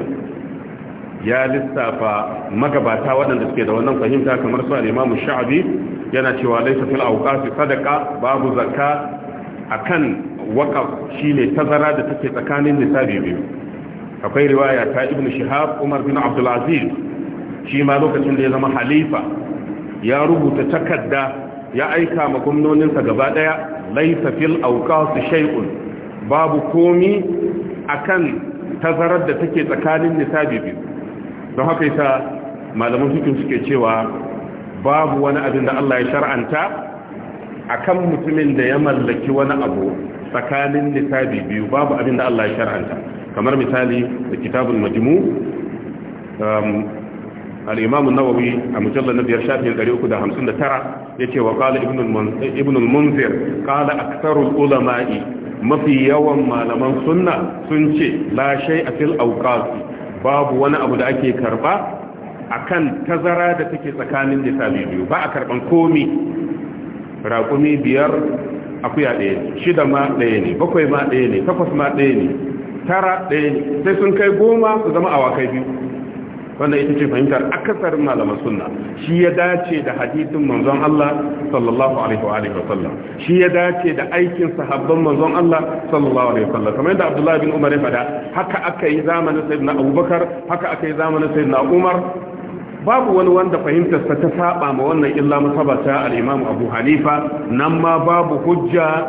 Speaker 1: ya lissafa magabata waɗanda suke da wannan fahimta kamar su al sha'abi yana cewa laysa fil awqati sadaqa babu zakka akan waqaf shine tazara da take tsakanin nisabi biyu akwai riwaya ta ibn shihab umar bin abdul'aziz shi ma lokacin da ya zama halifa ya rubuta takarda ya aika ma gwamnoninsa gaba daya laisa fil awqas shay'un babu komi akan tazarar da take tsakanin nisabi biyu don haka yasa malaman fiqh suke cewa babu wani abin da Allah ya shar'anta akan mutumin da ya mallaki wani abu tsakanin nisabi biyu babu abin da Allah ya shar'anta kamar misali da kitabun Majimu, um, al nawawi a mujallar na biyar shafin 359 yace wa qala ibn ibn al-munzir qala aktharu al-ulama'i mafi yawan malaman sunna sun ce la a fil awqat babu wani abu da ake karba kan tazara da take tsakanin nisabi biyu ba a karban komi Rakumi biyar akuya ɗaya ne shida ma ɗaya ne bakwai ma ɗaya ne takwas ma ɗaya ne tara ɗaya sai sun kai goma su zama awakai biyu wannan ita ce fahimtar akasarin malaman suna. shi ya dace da hadisin manzon Allah sallallahu alaihi wa alihi wasallam shi ya dace da aikin sahabban manzon Allah sallallahu alaihi wasallam kamar yadda Abdullah bin Umar ya fada haka aka yi zamanin sayyidina Abubakar haka aka yi zamanin sayyidina Umar babu wani wanda fahimtarsa ta saba ma wannan illa musabata al-Imam Abu Hanifa nan ma babu hujja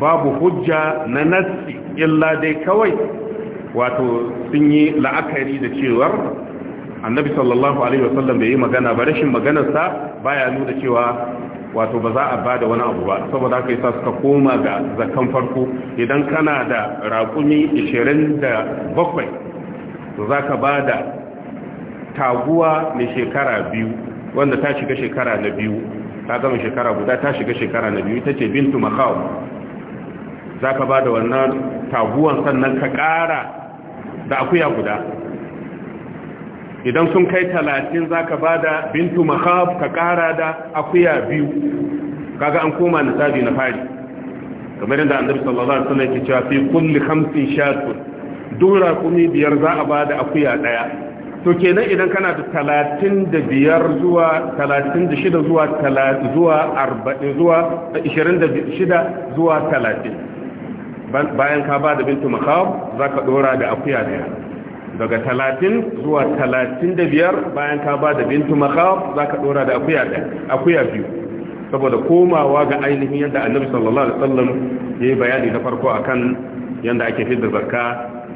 Speaker 1: babu hujja na nassi illa dai kawai wato sun yi la'akari da cewar annabi sallallahu alaihi wasallam bai yi magana ba rashin maganarsa baya nuna cewa wato ba za a bada wani abu ba saboda haka yasa suka koma ga zakan farko idan kana da raƙumi 27 to zaka bada taguwa mai shekara biyu wanda ta shiga shekara na biyu ta gama shekara guda ta shiga shekara na biyu tace bintu makaw za ka ba da wannan taguwan sannan ka ƙara da akuya guda idan sun kai talatin za ka ba da bintu mahab ka ƙara da akuya biyu kaga an koma tsari na fari kamar yadda annabi sallallahu alaihi wasallam ke cewa fi kulli khamsin shatun dura kuma biyar za a ba da akuya daya to kenan idan kana da talatin da biyar zuwa talatin da shida zuwa talatin zuwa arba'in zuwa ishirin da shida zuwa talatin bayan ka ba da bintu makab za ka dora da akuya daya daga talatin zuwa talatin da biyar bayan ka ba da bintu makab za ka dora da akuya daya akuya biyu saboda komawa ga ainihin yadda annabi sallallahu alaihi wasallam yi bayani na farko akan yadda ake da zakka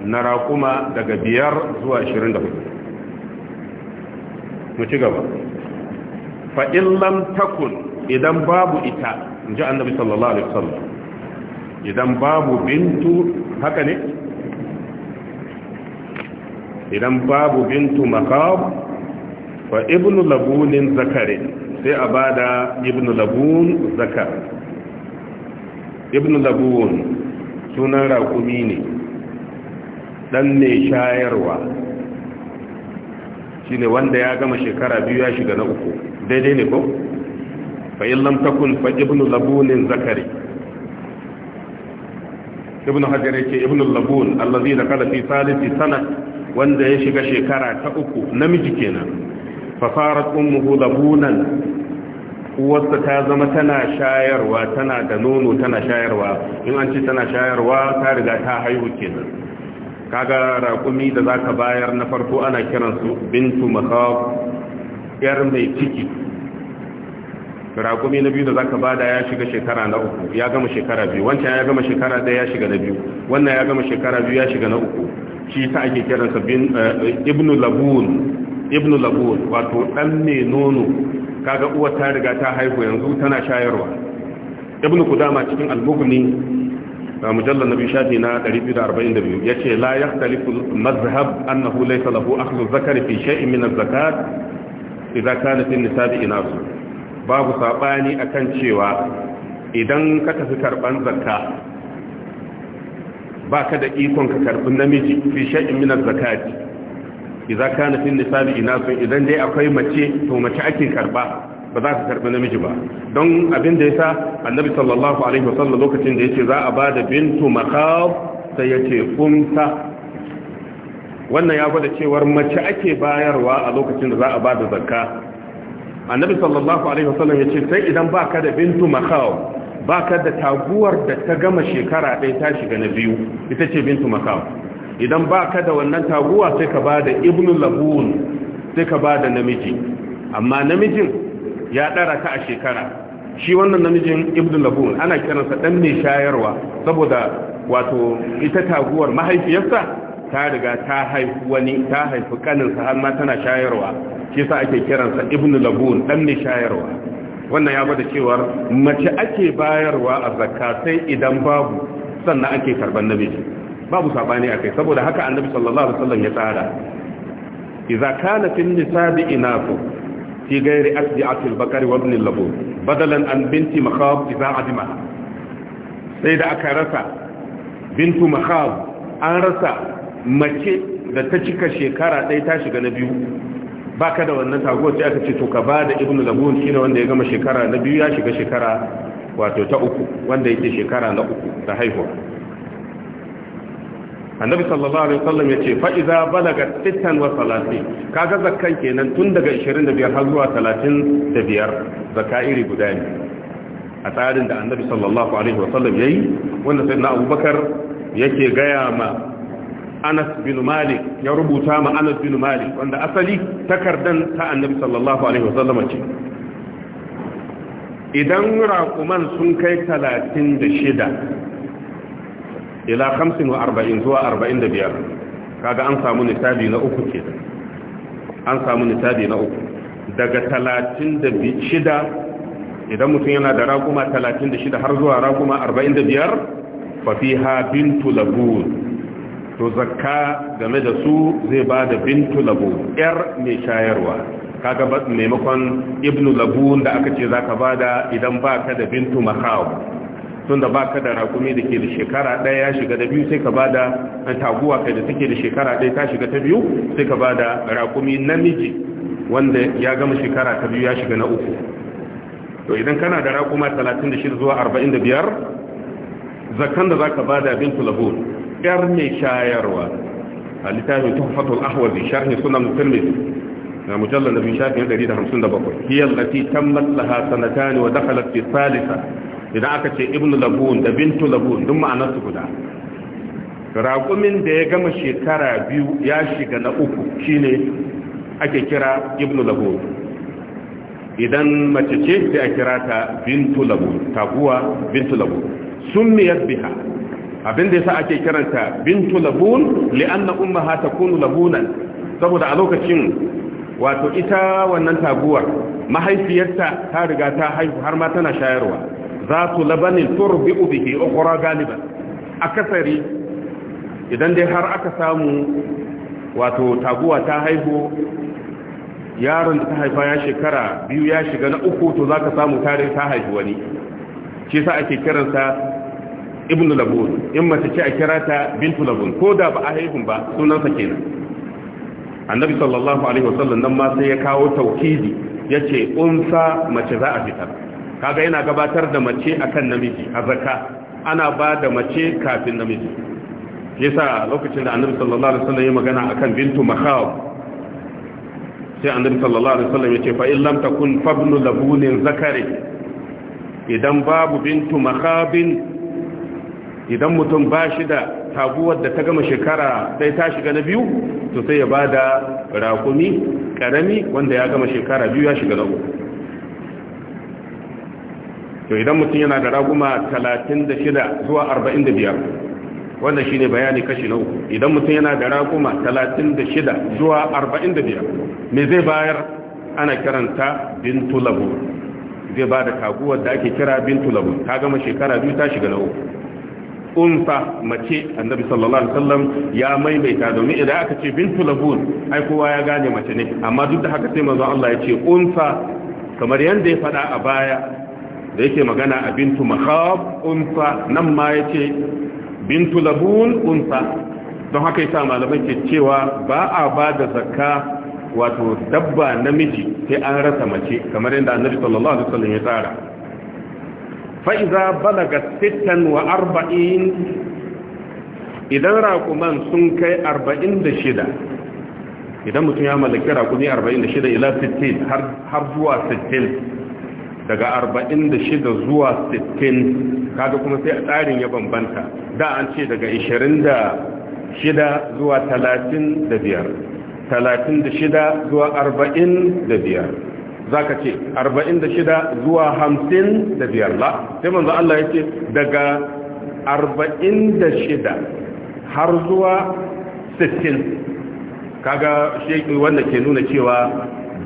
Speaker 1: na raƙuma daga biyar zuwa ashirin da hudu mu ci gaba fa'in lam takun idan babu ita in ji annabi sallallahu alaihi wasallam idan babu bintu haka ne idan babu bintu makab fa ibnu labunin zakare sai a bada ibnu labun zakar ibnu labun sunan raƙumi ne dan ne shayarwa shine wanda ya gama shekara biyu ya shiga na uku daidai ne ko fa in lam takun fa ibnu labunin zakari ibn hajar yake ibn labun allazi da kala fi salisi sana wanda ya shiga shekara ta uku namiji kenan fa farat ummuhu labunan uwarsa ta zama tana shayarwa tana da nono tana shayarwa in an ce tana shayarwa ta riga ta haihu kenan kaga raƙumi da zaka bayar na farko ana kiransu bintu makaf yar mai ciki raƙumi na biyu da zaka bada ya shiga shekara na uku ya gama shekara biyu wancan ya gama shekara ɗaya ya shiga na biyu wannan ya gama shekara biyu ya shiga na uku shi ta ake kiransa eh, ibnu labun ibnu labun wato ɗan ne nono kaga uwar ta riga ta haihu yanzu tana shayarwa ibnu kudama cikin al-bughni mujallal nabi shafi na 242 yace la yakhtalifu mazhab annahu laysa lahu akhlu zakari fi shay'in min az-zakat idza kanat an-nisaa inasu babu saɓani akan cewa idan ka tafi karɓar zakka ba ka da ikon ka karɓi namiji fi sha'in minar zakati idan ka nufin nisabi ina sun idan dai akwai mace to mace ake karɓa ba za ka karɓi namiji ba don abin da ya sa annabi sallallahu alaihi wasallam lokacin da ya ce za a ba da bintu makaw sai ya ce kunsa wannan ya gwada cewar mace ake bayarwa a lokacin da za a ba da zakka annabi sallallahu alaihi wasallam ya ce sai idan ba ka da bintu makaw ka da taguwar da ta gama shekara ɗaya ta shiga na biyu ita ce bintu makaw idan ba ka da wannan taguwa sai ka ba da ibnu labun sai ka ba da namiji amma namijin ya ɗara ta a shekara shi wannan namijin ibnu labun ana kiransa ɗan mai shayarwa saboda wato ita taguwar mahaifiyarsa ta riga ta haifi wani ta haifi kaninsa har ma tana shayarwa shi sa ake kiransa ibn labun dan ne shayarwa wannan ya bada cewar mace ake bayarwa a zakka idan babu sannan ake karban namiji babu sabani akai saboda haka annabi sallallahu alaihi wasallam ya tsara idza kana fil nisabi inafu fi ghairi asdi'ati al-bakari wa ibn labun badalan an binti makhab idza adima sai da aka rasa bintu makhab an rasa mace da ta cika shekara ɗaya ta shiga na biyu ka da wannan taguwar sai aka ce to ka ba da ibn labun shine wanda ya gama shekara na biyu ya shiga shekara wato ta uku wanda yake shekara na uku da haihuwa annabi sallallahu alaihi wasallam ya ce fa idza balaga 36 kaga zakkan kenan tun daga 25 har zuwa 35 zakka iri guda ne a tsarin da annabi sallallahu alaihi wasallam yayi wanda sayyidina abubakar yake gaya ma Anas bin Malik ya rubuta ma Anas bin Malik wanda asali takardan ta Annabi sallallahu alaihi wasallam ce idan raƙuman sun kai 36 ila 45 zuwa 45 kaga an samu nisabi na uku ke an samu nisabi na uku daga 36 idan mutum yana da raƙuma 36 har zuwa raƙuma 45 fa fiha bintu labun to zakka game da su zai ba da bintu labu yar mai shayarwa kaga ba maimakon ibnu Labu da aka ce zaka da idan ba ka da bintu tun da ba ka da rakumi da ke da shekara ɗaya ya shiga da biyu sai ka ba da taguwa kai da take da shekara ɗaya ta shiga ta biyu sai ka ba da rakumi namiji wanda ya gama shekara ta biyu ya shiga na uku to idan kana da rakuma 36 zuwa 45 zakkan da zaka da bintu Labu. karni shayarwa a littafin tuhfatul ahwazi sharhi sunan tirmidhi na mujallal nabi shafi 157 hiya allati tammat laha sanatani wa dakhalat fi thalitha idan aka ce ibnu labun da bintu labun dun ma'anar su guda raƙumin da ya gama shekara biyu ya shiga na uku shine ake kira ibnu labun idan mace ce sai a kira ta bintu labun taguwa bintu labun summiyat biha abin da yasa ake kiranta bintu labun li'anna ummaha takunu labunan saboda a lokacin wato ita wannan taguwar mahaifiyarta ta riga ta haihu har ma tana shayarwa za su labanin turbi bihi ukhra galiban akasari idan dai har aka samu wato taguwa ta haihu yaron da ta haifa ya shekara biyu ya shiga na uku to zaka samu tare ta haihu wani shi yasa ake kiransa ibnu labun in mace ce a kira ta bintu labun ko da ba a haihun ba sunansa kenan annabi sallallahu alaihi wasallam nan ma sai ya kawo taukidi yace unsa mace za a fitar kaga yana gabatar da mace akan namiji a zakka ana ba da mace kafin namiji yasa lokacin da annabi sallallahu alaihi wasallam ya magana akan bintu makhawb sai annabi sallallahu alaihi wasallam yace fa in lam takun fabnu labunin zakari idan babu bintu makhabin idan mutum ba shi da taguwar da ta gama shekara sai ta shiga na biyu to sai ya ba da rakumi karami wanda ya gama shekara biyu ya shiga na uku to idan mutum yana da raguma 36 zuwa 45 wanda shine bayani kashi na uku idan mutum yana da raguma 36 zuwa 45 me zai bayar ana kiranta bintu labu zai ba da taguwar da ake kira bintu labu ta gama shekara biyu ta shiga na uku unsa mace annabi sallallahu alaihi wasallam ya maimaita domin idan aka ce bintu labun ai kowa ya gane mace ne amma duk da haka sai manzon Allah ya ce unsa kamar yanda ya faɗa a baya da yake magana a bintu mahab unsa nan ma ya ce bintu labun unsa don haka yasa malamai ke cewa ba a ba da zakka wato dabba namiji sai an rasa mace kamar yadda annabi sallallahu alaihi wasallam ya tsara fa'iza balaga sittan wa arba'in idan raƙuman sun kai arba'in da shida idan mutum ya mallaki raƙumi arba'in da shida ila sittin har zuwa sittin daga arba'in da shida zuwa sittin kada kuma sai a tsarin ya bambanta da an ce daga ishirin da shida zuwa talatin da biyar talatin da shida zuwa arba'in da biyar zaka ce 46 zuwa da biyar la sai manzo Allah ce daga 46 har zuwa 60 kaga shi wanda ke nuna cewa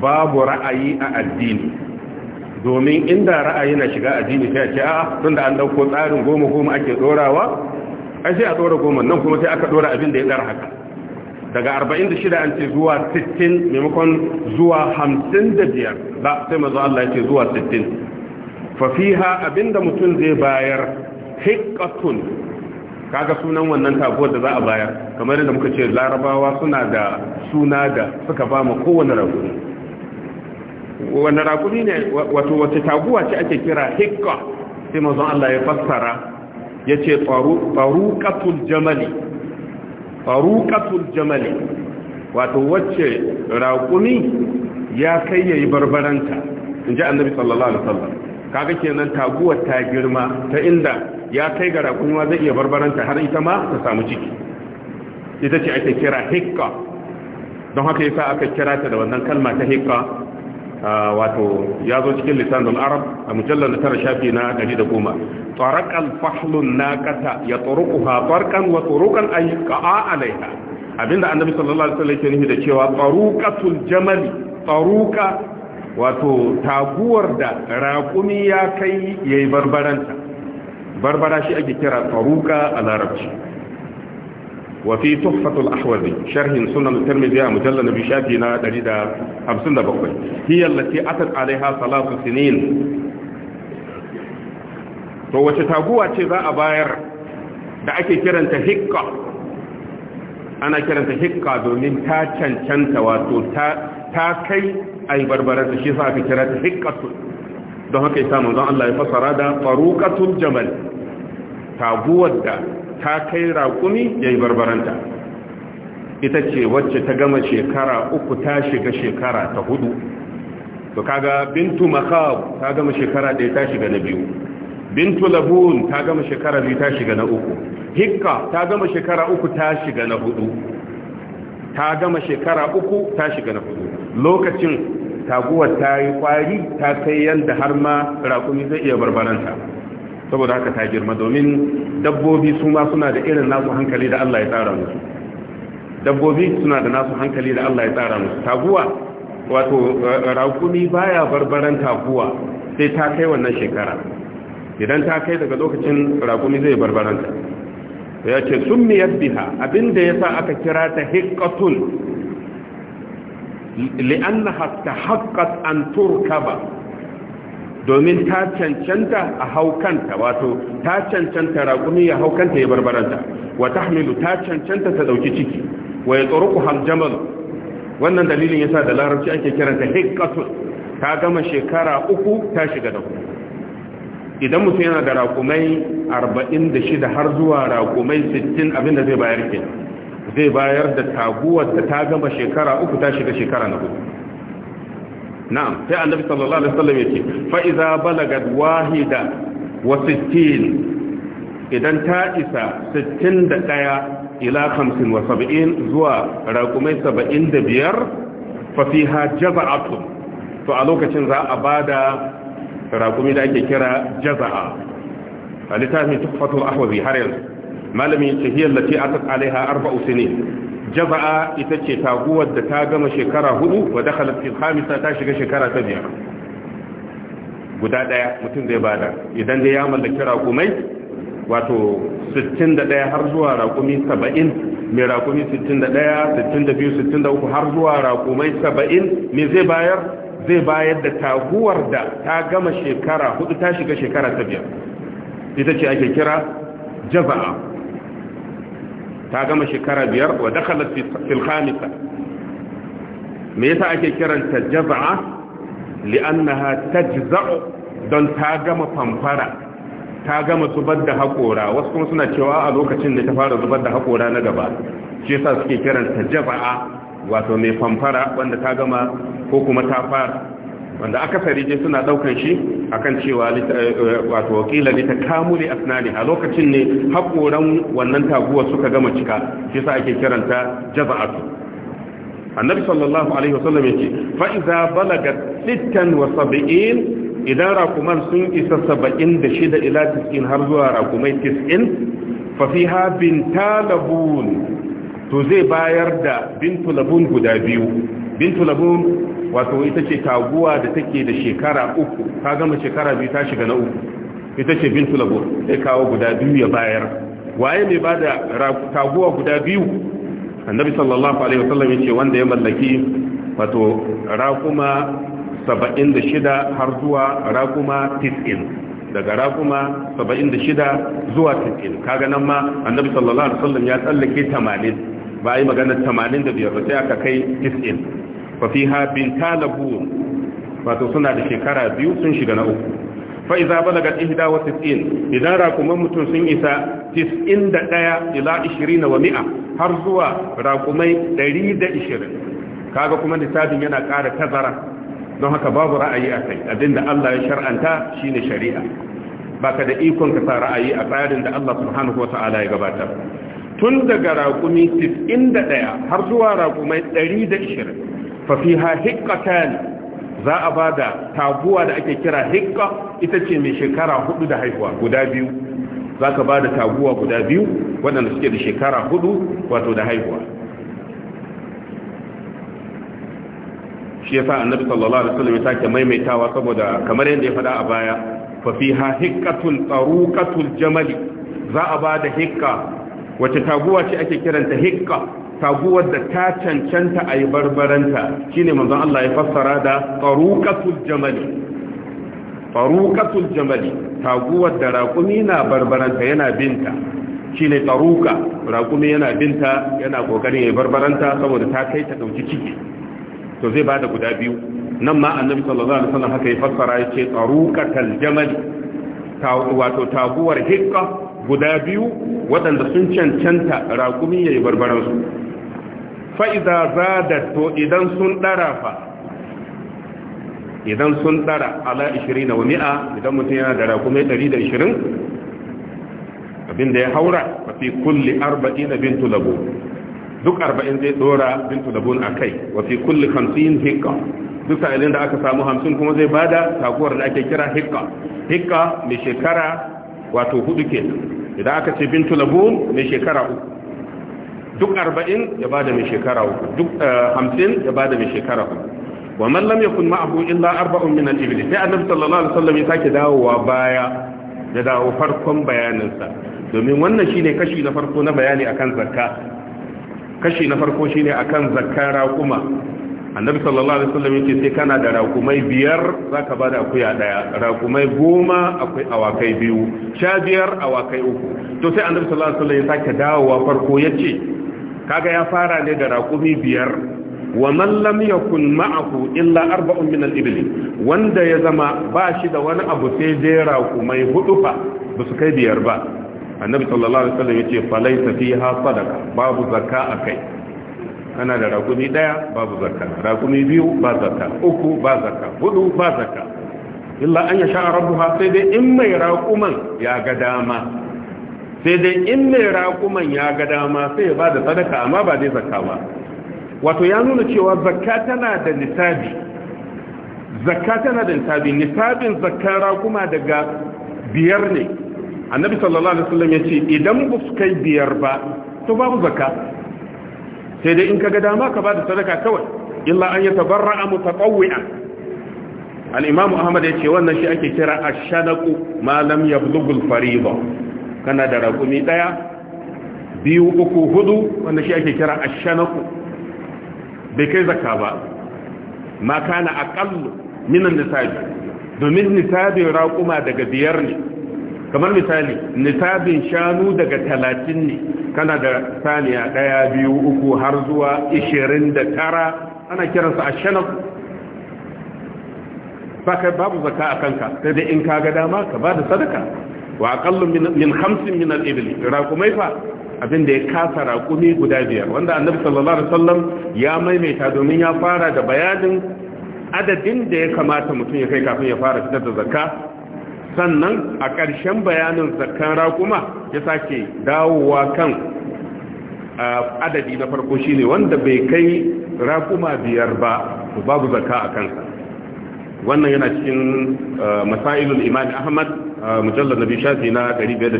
Speaker 1: babu ra'ayi a addini domin inda ra'ayi na shiga addini sai a ce a tunda an dauko tsarin goma goma ake dorawa ai sai a dora goma nan kuma sai aka dora abin da ya dar haka daga 46 an ce zuwa 60 maimakon zuwa 55 ba sai mazu Allah ya ce zuwa 60 fafiha abinda mutum zai bayar hikatun kaga sunan wannan taguwar da za a bayar kamar yadda muka ce larabawa suna da suna da suka ba mu kowane rakuni wani rakuni ne wato wace taguwa ce ake kira hikka sai mazan Allah ya fassara ya ce tsaruƙatul jamali faruƙatul jamali wato wacce raƙumi ya kai ya yi barbaranta in ji annabi sallallahu alaihi wasallam kaga kenan taguwar ta girma ta inda ya kai ga raƙumi ma zai iya barbaranta har ita ma ta samu ciki ita ce ake kira hikka don haka yasa aka kira ta da wannan kalma ta hikka wato ya zo cikin lisanul arab a mujallar na tara shafi na gari da goma tsarakal fahlun na kasa ya tsorukuha farkan wa tsorukan ayi ka'a alaiha abinda annabi sallallahu alaihi wasallam ke nufi da cewa tsarukatul jamali tsaruka wato taguwar da raƙumi ya kai yayi barbaranta barbara shi ake kira tsaruka a larabci وفي تحفة الأحوز شرح سنة الترمذي مجلد نبي شاتينا دريدا سنة بقبل هي التي أتت عليها صلاة السنين فهو تتابوها تذا أباير دعك كرن تهكا أنا كرن تهكا دولين تا چن چن تواتو تا تا كي أي بربرة شفا في كرن تهكا دوها كي سامو دعا الله فصرادا فروقة الجمل تابوها ta kai raƙumi ya yi barbaranta ita ce wacce ta gama shekara uku ta shiga shekara ta hudu to kaga bintu makab ta gama shekara ɗaya ta shiga na biyu bintu labun ta gama shekara biyu ta shiga na uku hikka ta gama shekara uku ta shiga na hudu ta gama shekara uku ta shiga na hudu lokacin taguwar ta yi kwari ta kai yadda har ma raƙumi zai iya barbaranta saboda haka ta girma domin dabbobi su ma suna da irin nasu hankali da Allah ya tsara musu dabbobi suna da nasu hankali da Allah ya tsara musu taguwa wato eh, rakumi baya barbaran taguwa sai ta kai wannan shekara idan ta kai daga lokacin rakumi zai barbaranta ya ce sun miyar biha abinda ya sa aka kira ta hikatun li'annaha ta haƙƙat an turkaba domin ta cancanta a haukanta wato ta cancanta raƙumi ya haukanta ya barbaranta wa tahmilu ta cancanta ta ɗauki ciki wa ya ku hamjamal wannan dalilin yasa da larabci ake kiranta hikkatun ta gama shekara uku ta shiga da kuma idan mutum yana da raƙumai arba'in da shida har zuwa raƙumai sittin abinda zai bayar zai bayar da taguwar da ta gama shekara uku ta shiga shekara na hudu na'am sai annabi sallallahu alaihi wasallam yace fa iza balagat wahida wa 60 idan ta isa 61 ila 50 wa 70 zuwa raqumai 75 fa fiha jaza'atun to a lokacin za a bada raqumi da ake kira jaza'a a littafin tuhfatul ahwazi har yanzu malamin ce hiyar atat alaiha arba'u sinin jaba'a ita ce taguwar da ta gama shekara hudu wa dakhalat hamisa ta shiga shekara ta biyar guda daya mutum zai bada idan da ya mallaki kumai wato 61 har zuwa raƙumi 70 mai raƙumi 61 62 63 har zuwa rakumai 70 me zai bayar zai bayar da taguwar da ta gama shekara hudu ta shiga shekara ta biyar ita ce ake kira jaba'a ta gama shekara biyar wa dakala fil khamisa me yasa ake kiranta jaz'a li'annaha tajza'u don ta gama famfara, ta gama zubar da hakora wasu kuma suna cewa a lokacin da ta fara zubar da hakora na gaba shi yasa suke kiranta jaz'a wato mai famfara, wanda ta gama ko kuma ta fara wanda aka ne suna daukan shi akan cewa eh, eh, wato wakila ne ta kamule asnani a lokacin ne haƙoran wannan taguwa suka gama cika shi sa ake kiranta jaza'atu annabi sallallahu alaihi wasallam yace fa idza balagat 76 idan rakuman sun isa 76 ila 90 har zuwa rakumai 90 fa fiha bintalabun to zai bayar da bintulabun guda biyu bintulabun wato ita ce taguwa da take da shekara uku ta gama shekara biyu ta shiga na uku ita ce bin tulabo Ya kawo guda biyu ya bayar waye mai ba da taguwa guda biyu annabi sallallahu alaihi wasallam yace wanda ya mallaki wato da 76 har zuwa rakuma 90 daga da 76 zuwa tis'in. kaga nan ma annabi sallallahu alaihi wasallam ya tsallake 80 ba yi magana 85 ba sai aka kai tis'in. fafiha fiha bintalabun wato suna da shekara biyu sun shiga na uku Fa'iza iza balagat wa sittin idan rakuman mutum sun isa 91 ila 20 wa 100 har zuwa rakumai 120 kaga kuma lissafin yana ƙara tazara don haka babu ra'ayi a kai abinda Allah ya shar'anta shine shari'a baka da ikon ka sa ra'ayi a tsarin da Allah subhanahu wata'ala ya gabatar tun daga raƙumi 91 har zuwa raƙumai 120 fafiha hikkatan za a ba da taguwa da ake kira hikka ita ce mai shekara hudu da haihuwa guda biyu za ka ba da taguwa guda biyu waɗanda suke da shekara hudu wato da haihuwa shi ya sa annabi sallallahu alaihi wasallam ya sake maimaitawa saboda kamar yadda ya faɗa a baya fafiha hikkatun tsarukatul jamali za a ba da hikka wace taguwa ce ake kiranta hikka taguwar da ta cancanta a yi barbaranta shi ne manzan Allah ya fassara da farukatul jamali farukatul jamali taguwar da raƙumi na barbaranta yana binta shi ne taruka raƙumi yana binta yana kokarin ya yi barbaranta saboda ta kai ta dauki ciki to zai bada guda biyu nan ma annabi sallallahu alaihi wasallam haka ya fassara yace taruqatul jamali wato taguwar hikka guda biyu waɗanda sun cancanta raƙumi ya yi barbaransu fa'iza za da to idan sun ɗara fa idan sun ɗara ala 20 na wani'a idan mutum yana da raƙumi 120 abinda ya haura a fi kulli 40 na bintu labo duk 40 zai ɗora bintu labon a kai wa fi kulli 50 hikka duk sa'ilin da aka samu 50 kuma zai bada taguwar da ake kira hikka hikka mai shekara wato hudu ke, idan aka ce bintu labun mai shekara uku duk arba'in ya bada mai shekara uku duk eh, hamsin ya bada mai shekara uku wa mallam ya yakun ma'ahu illa arba'un min al-ibli sai annabi sallallahu alaihi wasallam ya sake dawowa baya da dawo farkon bayaninsa. domin wannan shine kashi na farko na bayani akan zakka kashi na farko shine akan zakka raƙuma annabi sallallahu alaihi wasallam yake sai kana da rakumai biyar zaka ba da akuya daya rakumai goma akwai awakai biyu sha biyar awakai uku to sai annabi sallallahu alaihi wasallam ya sake dawowa farko yace kaga ya fara ne da rakumi biyar wa man lam yakun ma'ahu illa arba'un min al-ibli wanda ya zama ba shi da wani abu sai dai rakumai hudu fa ba su kai biyar ba annabi sallallahu alaihi wasallam yace falaysa fiha sadaqa babu zakka akai kana da rakumi daya babu zakka rakumi biyu ba zakka uku ba zakka hudu ba zakka illa an yasha rabbuha sai dai in mai rakuman ya ga dama sai dai in mai rakuman ya ga dama sai ya ba da sadaka amma ba dai zakka ba wato ya nuna cewa zakka tana da nisabi zakka tana da nisabi nisabin zakka rakuma daga biyar ne annabi sallallahu alaihi wasallam ya ce idan ba su kai biyar ba to babu zakka sai dai in kaga dama ka bada sadaka kawai illa an yatabarra'a mutaqawwi'an al-imam ahmad ya ce wannan shi ake kira ash shanaku Malam lam yablughu kana da rakumi ɗaya, biyu uku hudu wannan shi ake kira ash shanaku bai kai zaka ba ma kana aqallu Minan nisabi domin nisabin raƙuma daga biyar ne kamar misali nisabin shanu daga talatin ne kana da saniya daya biyu uku har zuwa ishirin da tara ana kiransa a shanaf baka babu zaka a kanka sai dai in kaga dama ka ba da sadaka wa aqallu min hamsin min al-ibli raqumai fa abin da ya kasa raƙumi guda biyar wanda annabi sallallahu alaihi wasallam ya maimaita domin ya fara da bayanin adadin da ya kamata mutum ya kai kafin ya fara fitar da zakka sannan a ƙarshen bayanin zakkan raƙuma ya sake dawowa kan adadi na farko shine wanda bai kai raƙuma biyar ba babu zakka a kansa wannan yana cikin masailul Imani ahmad mujallar na biyu shafi na biyar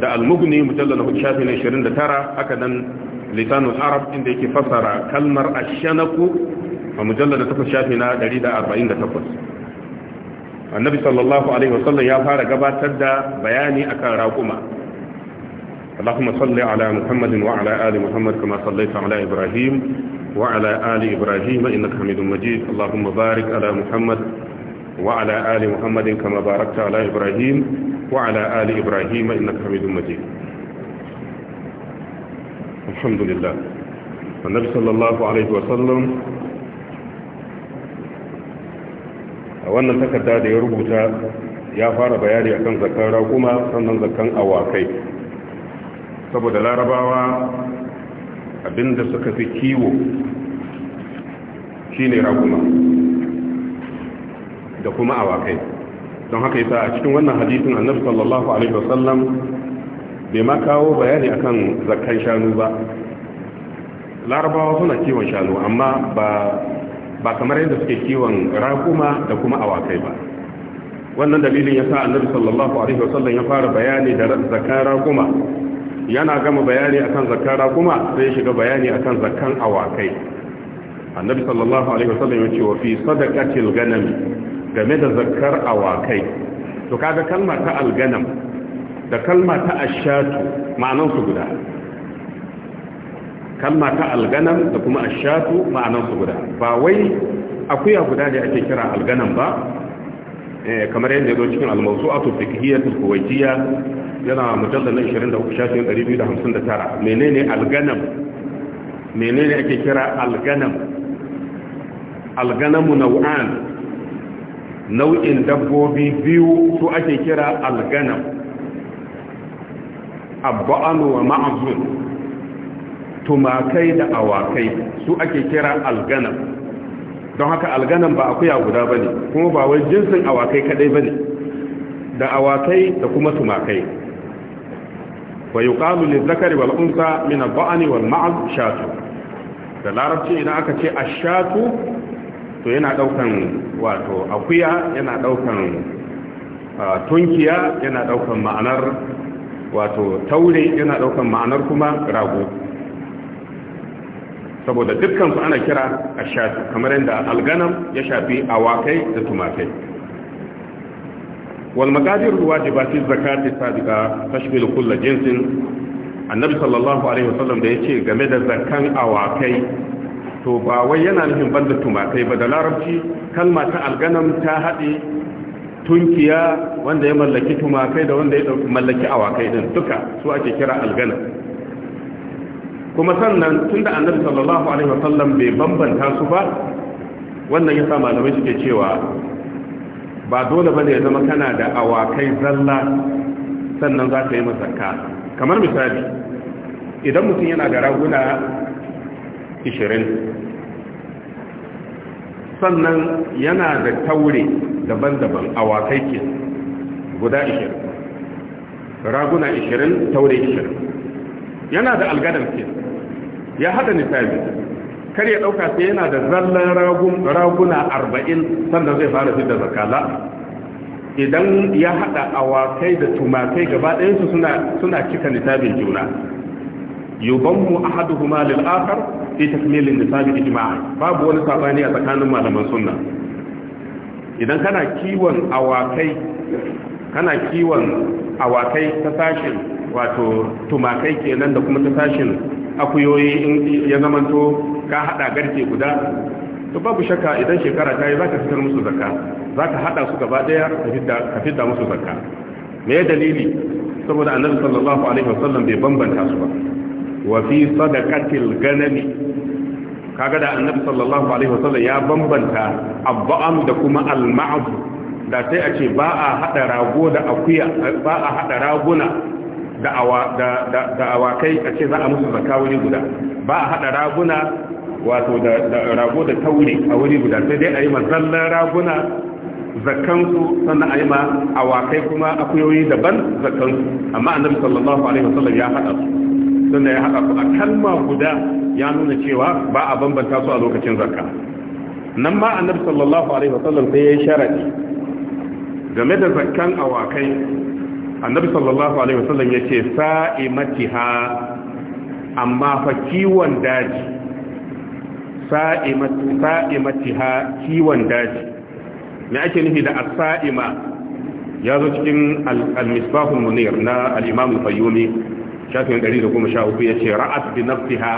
Speaker 1: da almugni mujallar na shafi na 29 haka nan lisanul arab inda yake fasara kalmar ashanaku a mujallar da takwas shafi na 148 annabi sallallahu alaihi wasallam ya fara gabatar da bayani akan raƙuma اللهم صل على محمد وعلى آل محمد كما صليت على إبراهيم وعلى آل إبراهيم إنك حميد مجيد اللهم بارك على محمد وعلى آل محمد كما باركت على إبراهيم وعلى آل إبراهيم إنك حميد مجيد الحمد لله النبي صلى الله عليه وسلم wannan takarda da ya rubuta ya fara bayani akan zakkan raguma sannan zakkan awakai saboda larabawa abinda suka fi kiwo shine raguma da kuma awakai don haka yasa a cikin wannan hadisin annabi sallallahu alaihi wasallam bai ma kawo bayani akan zakkan shanu ba larabawa suna kiwon shanu amma ba ba kamar yadda suke kiwon raƙuma da kuma awakai ba wannan dalilin ya sa annabi sallallahu alaihi wasallam ya fara bayani da zakar raƙuma yana gama bayani akan zakar raƙuma sai ya shiga bayani akan zakan awakai annabi sallallahu alaihi wasallam ya ce wa fi sadaqatil ganam game da zakar awakai to kaga kalma ta alganam da kalma ta ashatu ma'anansu guda kalma ta alganan da kuma ashatu ma'anar su guda ba wai akuya guda ne ake kira alganan ba eh, kamar yadda zo cikin al-mawsu'atu fiqhiyyatul Kuwaitiya, yana mujallal na 23 shafin 259 menene alganan? menene ake kira Alganan alganamu nau'an nau'in dabbobi biyu su ake kira alganan? abba'anu wa ma'azun tumakai da awakai su ake kira alganam don haka alganan ba akuya guda bane kuma ba wai jinsin awakai kadai bane da awakai da kuma tumakai wa yuqalu lizakari wal unsa min al-ba'ni wal ma'az shatu da larabci idan aka ce ashatu to yana daukan wato akuya yana daukan tunkiya yana daukan ma'anar wato taure yana daukan ma'anar kuma rago saboda dukkan ana kira ashafi kamar yadda alganam ya shafi awakai da tumakai wal maqadir wajibati zakati daga tashmilu kull jinsin annabi sallallahu alaihi wasallam da ce game da zakan awakai to ba wai yana nufin banda tumakai ba da larabci kalma ta alganam ta haɗe tunkiya wanda ya mallaki tumakai da wanda ya mallaki awakai din duka su ake kira alganam kuma sannan tunda annabi sallallahu alaihi wasallam bai bambanta su ba wannan yasa malamai suke cewa ba dole bane ya zama kana da awakai zalla sannan za ka yi masakka kamar misali idan mutum yana da raguna 20 sannan yana da taure daban-daban awakai ke guda 20 raguna 20 taure 20 yana da algadar ke ya haɗa nisabi kar ya ɗauka sai yana da zallan raguna arba'in sannan zai fara fitar zakala idan ya haɗa awakai da tumakai gaba ɗayan suna cika nisabin juna yubammu ahaduhuma lil akhar fi takmil an-nisab babu wani sabani a tsakanin malaman sunna idan kana kiwon awakai kana kiwon awakai ta sashin wato tumakai kenan da kuma ta sashin akuyoyi in ya zamanto ka hada garke guda to babu shakka idan shekara ta yi za ka fitar musu zakka za ka hada su gaba daya ka fitar musu zakka me ya dalili saboda annabi sallallahu alaihi wasallam bai bambanta su ba wa fi sadaqatil ganami kaga da annabi sallallahu alaihi wasallam ya bambanta abba'am da kuma al-ma'd da sai a ce ba a hada rago da akuya ba a hada raguna da awakai a ce za a musu zakka wuri guda ba a haɗa raguna wato da rago da taure a wuri guda sai dai a yi mazallar raguna zakkansu sannan a yi ma awakai kuma akuyoyi daban zakkansu amma annabi sallallahu alaihi wasallam ya haɗa su sannan ya haɗa su a kalma guda ya nuna cewa ba a bambanta su a lokacin zakka nan ma annabi sallallahu alaihi wasallam sai ya yi sharadi game da zakkan awakai annabi sallallahu alaihi wasallam yace sa'imatiha amma fa kiwon daji sa'imatiha kiwon daji me ake nufi da as-sa'ima ya zo cikin al-misbahul munir na al-imam al-fayyumi shafin 113 ce ra'at bi nafsiha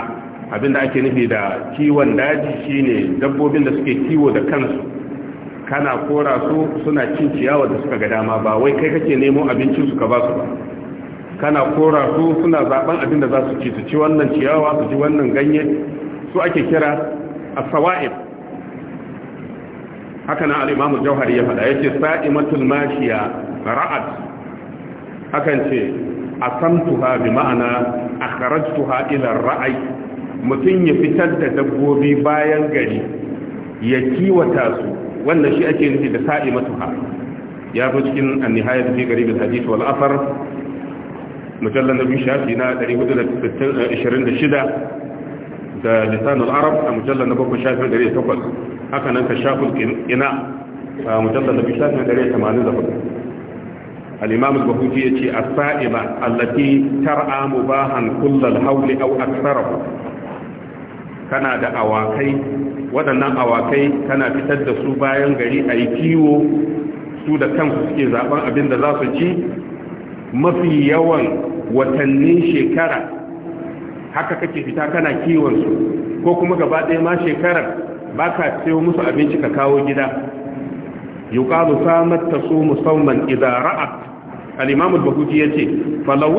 Speaker 1: abinda ake nufi da kiwon daji shine dabbobin da suke kiwo da kansu kana kora su suna cin ciyawa da suka ga dama ba wai kai kake nemo abincin su ka ba su ba kana kora su suna zaben abin da za su ci su ci wannan ciyawa su ci wannan ganye su ake kira as-sawa'ib haka nan al-imamu jauhari ya faɗa yace sa'imatul mashiya ra'at hakan ce asamtuha bi ma'ana akhrajtuha ila ar mutun ya fitar da dabbobi bayan gari ya kiwata su wannan shi ake nufi da sa'imatuha ya zo cikin annihaya annihayat fi garibin hadith wal asar mujallal nabi shafi na 426 da lisanul arab a mujallar na bakwai shafi 108 haka nan ka shaful ina a mujallar mujallal nabi shafi na 184 الإمام البخوتي يتي الصائمة التي ترعى مباها كل الهول au أكثره kana da awakai waɗannan awakai kana fitar da su bayan gari a yi kiwo su da kansu suke zaɓen abin da za su ci mafi yawan watannin shekara haka kake fita kana kiwonsu ko kuma gaba ɗaya ma shekarar ba ka sayo musu abinci ka kawo gida yuqalu samat ta sawman idza ra'at al-imam al-bahuji yace falaw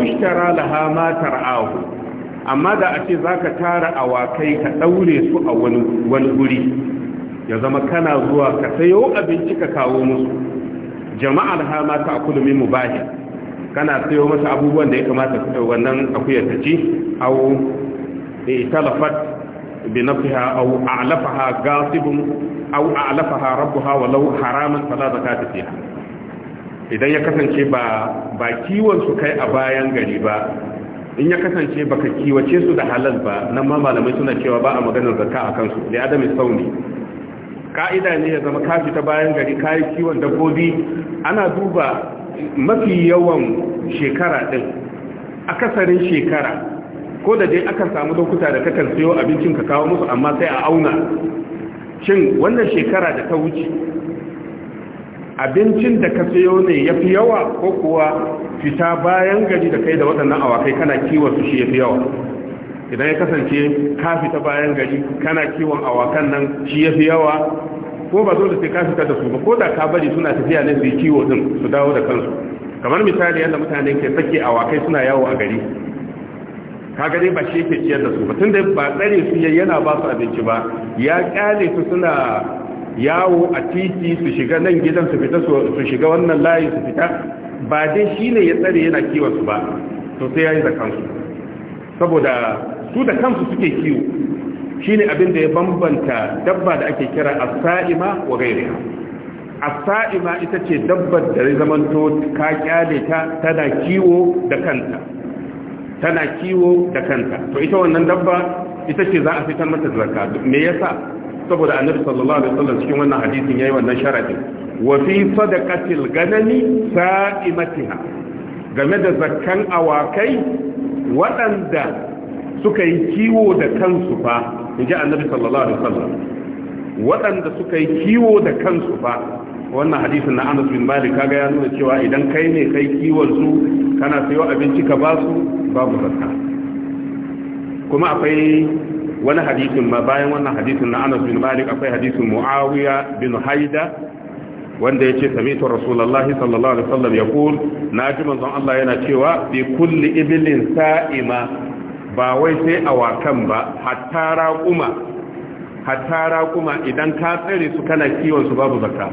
Speaker 1: laha ma tar'ahu amma da a ce za ka tara awakai ka ɗaure su a wani wuri ya zama kana zuwa ka sayo abinci ka kawo musu jama'ar hama ta kudu min mubahi kana sayo masa abubuwan da ya kamata wannan akuyar ta ci au talafat بنفسها أو أعلفها غاصب أو أعلفها lau ولو حراما فلا زكاة فيها idan ya kasance ba ba kiwon su kai a bayan gari ba in ya kasance baka kiwace su da halal ba nan ma malamai suna cewa ba a maganar zakka a kansu da adam sauni ka'ida ne ya zama kafi ta bayan gari kayi kiwon dabbobi ana duba mafi yawan shekara din akasarin shekara ko da dai aka samu lokuta da kakan siyo abincin ka kawo musu amma sai a auna shin wannan shekara da ta wuce abincin da ka sayo ne ya fi yawa ko kuwa fita bayan gari da kai da waɗannan awakai kana kiwon su shi ya fi yawa idan ya kasance ka fita bayan gari kana kiwon awakan nan shi ya fi yawa ko ba dole sai ka fita da su ba ko da ka bari suna tafiya ne su yi kiwo din su dawo da kansu kamar misali yadda mutane ke sake awakai suna yawo a gari Ka gari ba shi yake ciyar da su ba tun da ba tsare su yana ba su abinci ba ya kyale su suna yawo a titi su shiga nan gidan su fita su shiga wannan layi su fita ba dai shi ne ya tsare yana kiwon su ba to sai ya yi da kansu saboda su da kansu suke kiwo shi ne abin da ya bambanta dabba da ake kira asa'ima wa gairiya asa'ima ita ce dabbar da ya to ka kyale ta tana kiwo da kanta tana kiwo da kanta to ita wannan dabba ita ce za a fitar mata zarka me yasa saboda annabi sallallahu alaihi wasallam cikin wannan hadisin yayi wannan sharadin wa fi sadaqatil ganami sa'imatiha game da zakkan awakai waɗanda suka yi kiwo da kansu fa inji annabi sallallahu alaihi wasallam waɗanda suka yi kiwo da kansu fa wannan hadisin na Anas bin Malik kaga ya nuna cewa idan kai ne kai kiwon su kana sayo abinci ka ba su babu zakka kuma akwai wani hadisin ma bayan wannan hadisin na Anas bin Malik akwai hadisin Muawiya bin Haida wanda yace sami'tu Rasulullahi sallallahu alaihi wasallam yaqul naji manzon Allah yana cewa bi kulli iblin sa'ima ba wai sai awakan ba hatta raquma hatta raquma idan ka tsare su kana kiwon su babu zakka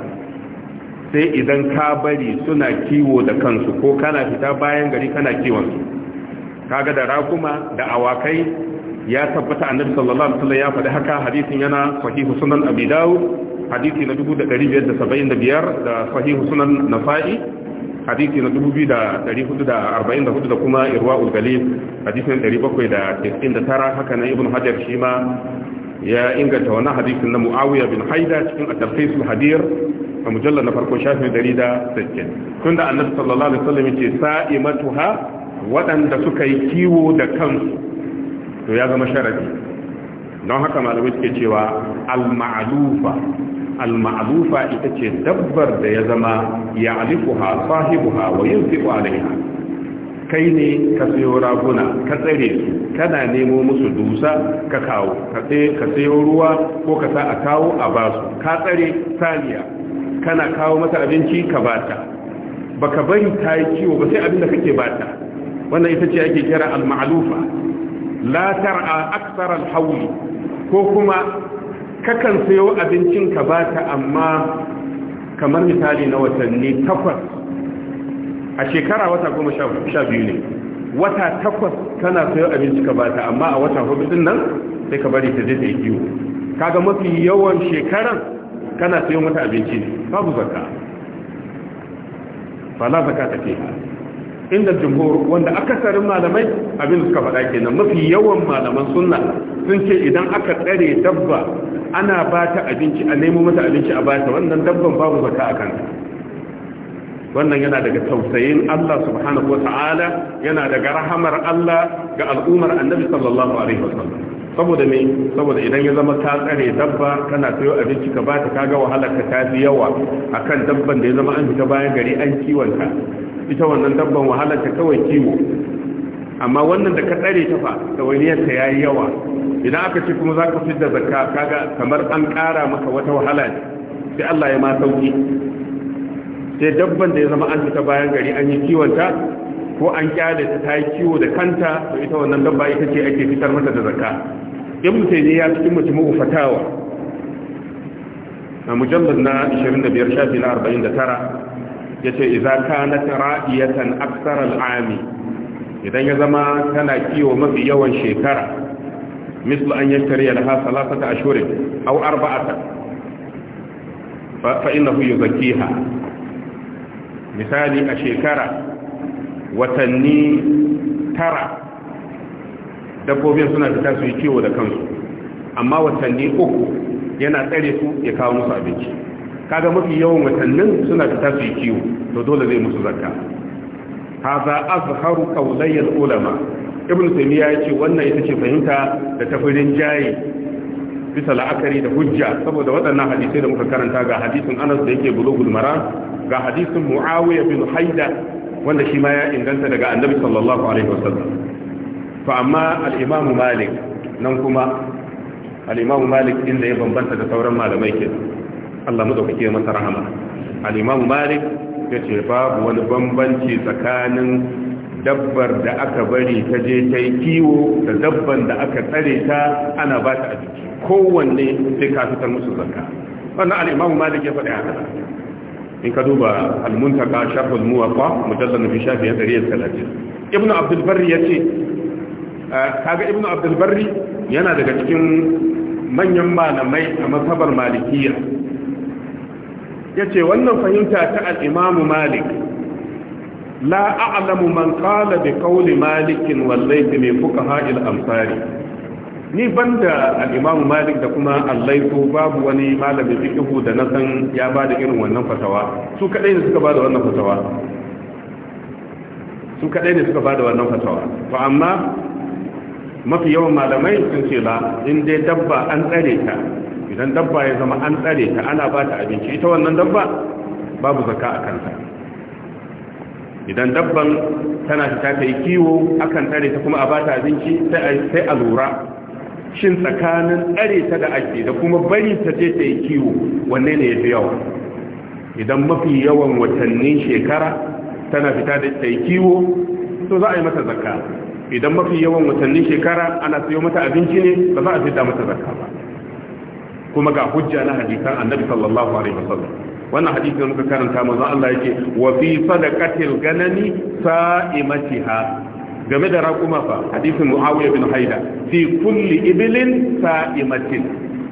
Speaker 1: sai idan ka bari suna kiwo da kansu ko kana fita bayan gari kana kiwon su kaga da raquma da awakai ya tabbata a annabi sallallahu alaihi wasallam ya faɗi haka hadisin yana sahihu sunan abi dawud hadisi na 1575 da sahihu sunan nasa'i hadisi na 2444 da kuma irwaul galil hadisi na 799 haka na ibnu hajar shima ya inganta wannan hadisin na muawiya bin haida cikin at-tarhis al-hadir a mujallal na farko shafi 160 tunda annabi sallallahu alaihi wasallam yace sa'imatuha waɗanda suka yi kiwo da kansu to ya zama sharafi. don haka malamai suke cewa al maalufa al maalufa ita ce dabbar da ya zama ya alifuha sahibuha wa yunfiqu alaiha kai ne ka sayo raguna ka tsare su kana nemo musu dusa ka kawo ka siyo ruwa ko ka sa a kawo a basu ka tsare saniya kana kawo mata abinci ka Ba ka bari ta yi ciwo ba sai abin da ba ta. wannan ita ce ake kira al maalufa la tar'a aksara alhawli ko kuma kakan sayo abincin ka bata amma kamar misali na watanni takwas a shekara wata goma sha biyu ne wata takwas kana sayo abinci ka bata amma a wata hudu din nan sai ka bari ta je ta yi kaga mafi yawan shekaran kana sayo mata abinci ne babu zakka fala zakka ta fiha inda jumhur wanda akasarin malamai abin suka faɗa kenan mafi yawan malaman sunna sun ce idan aka tsare dabba ana ba ta abinci a nemo mata abinci a bata wannan dabban babu zaka a kanta wannan yana daga tausayin Allah subhanahu wata'ala yana daga rahamar Allah ga al'ummar annabi sallallahu alaihi wasallam saboda ne, saboda idan ya zama ta tsare dabba kana sayo abinci ka bata kaga wahalar ka ta fi yawa akan dabban da ya zama an fita bayan gari an kiwon ka ita wannan dabban wahalar ta kawai kiwo amma wannan da ka tsare ta fa ɗawainiyarta ya yi yawa idan aka ce kuma za ka fi da zakka kaga kamar an ƙara maka wata wahala ne sai Allah ya ma sauki sai dabban da ya zama an fita bayan gari an yi kiwonta ko an kyale ta ta yi kiwo da kanta to ita wannan dabba ita ce ake fitar mata da zakka in mutum ne ya cikin mutum fatawa a mujallar na 25 shafi na 49 yace idza kanat ra'iyatan aktsar al'ami idan ya zama tana kiwo mafi yawan shekara mislu an yaktari laha salasata ashhurin aw arba'atan fa innahu yuzakkiha misali a shekara watanni tara dabbobin suna fita su yi kiwo da kansu amma watanni uku yana tsare su ya kawo musu abinci kaga mafi yawan watannin suna fita su yi kiwo to dole zai musu zakka haza azharu qawlayil ulama ibn taymiya yace wannan ita ce fahimta da tafirin jayi bisa la'akari da hujja saboda waɗannan hadisai da muka karanta ga hadisin Anas da yake bulugul maram ga hadisin Muawiya bin Haida wanda shi ma ya inganta daga Annabi sallallahu alaihi wasallam fa amma al-Imam Malik nan kuma al-Imam Malik inda ya bambanta da sauran malamai kenan Allah madaukake masa rahama al-imam malik yace babu wani bambanci tsakanin dabbar da aka bari ta je ta yi kiwo da dabban da aka tsare ta ana ba ta abinci kowanne sai ka fitar musu zakka wannan al-imam malik ya faɗi haka in ka duba al-muntaka sharh al-muwatta mujallad fi shafi 130 ibnu abdul barri yace ah, kaga ibnu abdul barri yana daga cikin manyan malamai a masabar malikiya ya ce wannan fahimta ta al'imamu malik la a'lamu man qala bi qawli malikin wallahi mai fuka ha'il amsari ni banda al-imam malik da kuma allaitu babu wani malamin fiqhu da na san ya ba da irin wannan fatawa su kaɗai ne suka ba da wannan fatawa su kaɗai ne suka ba da wannan fatawa to amma mafi yawan malamai sun ce la in dai dabba an tsare ta idan dabba ya zama an tsare ta ana ba ta abinci ita wannan dabba babu zaka a kanta idan dabban tana fita ta yi kiwo akan tsare ta kuma a ba ta abinci sai a lura shin tsakanin tsare ta da ake da kuma bari ta je ta yi kiwo wanne ne ya fi yawa idan mafi yawan watanni shekara tana fita da ta yi kiwo to za a yi mata zakka idan mafi yawan watanni shekara ana sayo mata abinci ne ba za a fita mata zakka ba kuma ga hujja na hadisan annabi sallallahu alaihi wasallam wannan hadisi da muka karanta manzon Allah yake wa fi sadaqatil ganani sa'imatiha game da raquma fa hadisin muawiya bin haida fi kulli ibilin sa'imatin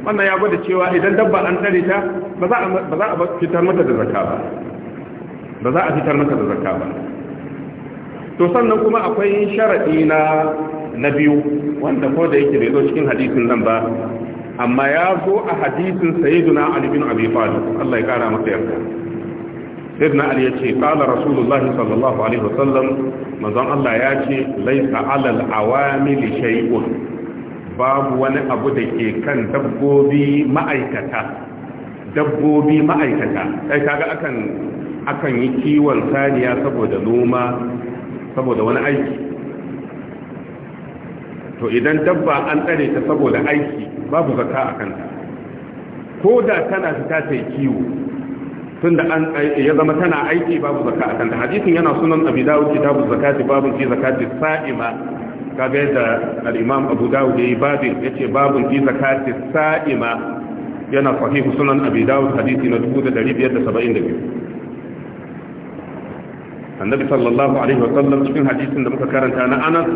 Speaker 1: wannan ya gwada cewa idan dabba an tsare ta ba za ba za a fitar mata da zakka ba ba za a fitar mata da zakka ba to sannan kuma akwai sharadi na na biyu wanda ko da yake bai zo cikin hadisin nan ba amma ya zo a hadisin sayyiduna ali bin abi talib Allah ya kara masa yarda sayyiduna ali ya ce qala rasulullahi sallallahu alaihi wasallam manzon Allah ya ce laisa alal awamil shay'un babu wani abu da ke kan dabbobi ma'aikata dabbobi ma'aikata sai kaga akan akan yi kiwon saniya saboda noma saboda wani aiki to idan dabba an tsare ta saboda aiki babu zakka a kanta ko da tana fita ta yi kiwo tunda an eh, ya zama tana aiki babu zakka a kanta hadisin yana sunan abi dawud kitabu zakati babu fi zakati sa'ima kaga yadda al-imam abu ya yi babin ya ce babu fi zakati sa'ima yana sahihu sunan abi dawud hadisi na 1572 annabi sallallahu alaihi sallam cikin hadisin da muka karanta na anas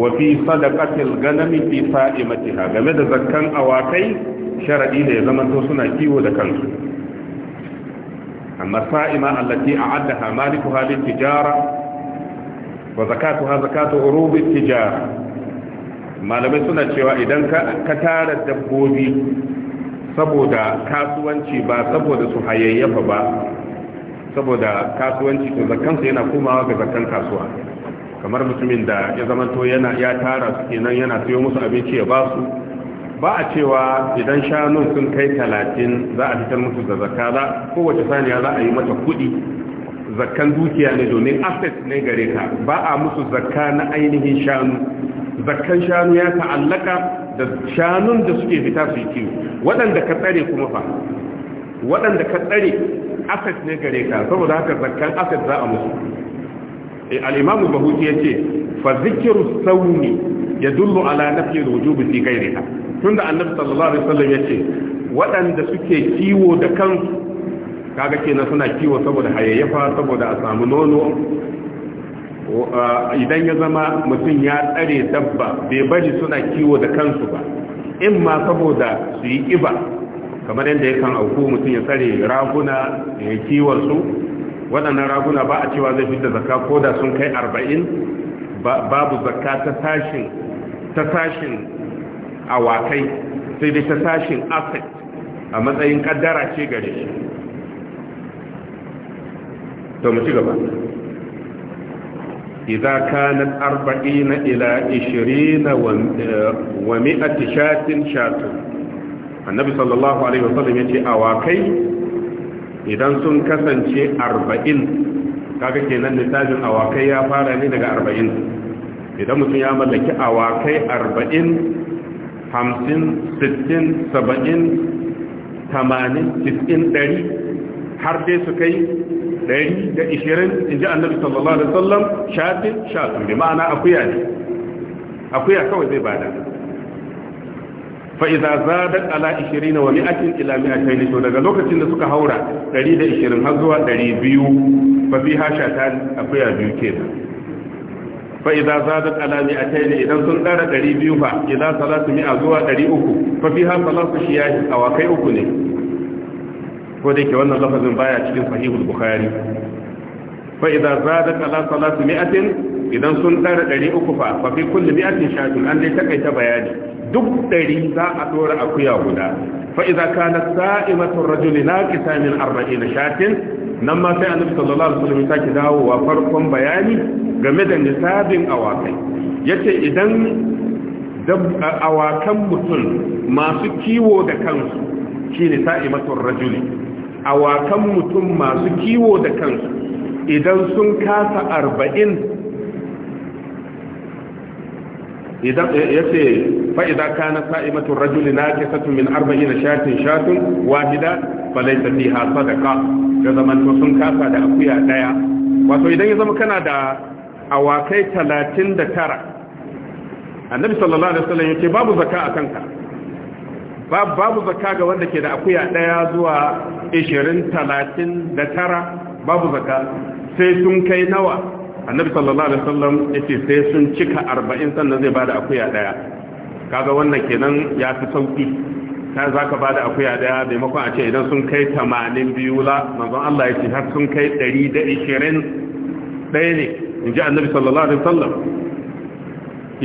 Speaker 1: wa fi sadaqatil ganami fi sa'imatiha game da zakkan awakai sharadi da ya zama to suna kiwo da kansu amma sa'ima allati a'addaha malikuha lit tijara wa zakatuha zakatu urub tijara malamai suna cewa idan ka tara dabbobi saboda kasuwanci ba saboda su hayayyafa ba saboda kasuwanci to zakkansa yana komawa ga zakan kasuwa kamar mutumin da ya zamanto yana ya tara su kenan yana siyo musu abinci ya ba su ba a cewa idan shanun sun kai talatin za a fitar musu da zakka za kowace saniya za a yi mata kuɗi zakan dukiya ne domin asset ne gare ka ba a musu zakka na ainihin shanu zakkan shanu ya ta'allaka da shanun da suke fita su yi waɗanda ka tsare kuma fa waɗanda ka tsare asset ne gare ka saboda haka zakkan asset za a musu eh, al-imamu bahuti yace fa zikru sawmi yadullu ala nafi wujub fi ghayriha tunda annabi sallallahu alaihi wasallam yace waɗanda suke kiwo da kansu kaga kenan suna kiwo saboda hayayyafa saboda a samu nono idan ya zama mutum ya tsare dabba bai bari suna kiwo da kansu ba in ma saboda su yi iba. kamar yadda ya kan auku mutum ya tsare raguna ya kiwon su waɗannan raguna ba a cewa zai fi da zaka ko da sun kai arba'in babu zaka ta sashin awakai sai dai ta sashin asset a matsayin kaddara ce gare shi to mu ci gaba إذا كانت ila 20 wa 100 eh, shatin شات annabi sallallahu alaihi wasallam ya ce awakai idan sun kasance arba'in kaga kenan littafin awakai ya fara ne daga arba'in idan mutum ya mallaki awakai arba'in hamsin sittin saba'in tamanin tis'in ɗari har dai su kai ɗari da ishirin in ji annabi sallallahu alaihi wasallam shafin shafin bi ma'ana akuya ne akuya kawai zai bada fa idza zadat ala 20 wa mi'atin ila mi'atayn to daga lokacin da suka haura 120 har zuwa 200 fa fi hashatan afiya biyu kenan fa idza zadat ala mi'atayn idan sun dara 200 fa idza salatu mi'a zuwa 300 fa fi ha salatu shiyahi awakai uku ne ko da ke wannan lafazin baya cikin sahihul bukhari fa idza zadat ala salatu mi'atin idan sun dara 300 fa fa fi kulli mi'atin shafin an dai takaita bayani duk ɗari za a ɗora akuya guda fa'iza ka na sa'imatun rajuli na kisa min arba'i na shatin nan ma sai annabi sallallahu alaihi wasallam sake dawowa farkon bayani game da nisabin awakai yace idan awakan mutum masu kiwo da kansu shine sa'imatun rajuli awakan mutum masu kiwo da kansu idan sun kasa arba'in idan eh, yace fa idan kana sa'imatu rajul nakisatu min arba'ina shatin shatun wahida falaysa fiha sadaqa da zaman to sun kasa da akuya daya wato idan ya zama kana da awakai 39 annabi sallallahu alaihi wasallam yace babu zakka a kanka babu zakka ga wanda ke da akuya daya zuwa 20 tara babu zakka sai sun kai nawa annabi sallallahu alaihi wasallam yace sai sun cika 40 sannan zai bada akuya daya kaga wannan kenan ya fi sauki ta za ka bada akuya daya maimakon a ce idan sun kai 80 biyu la manzon Allah yace har sun kai 120 daya ne inji annabi sallallahu alaihi wasallam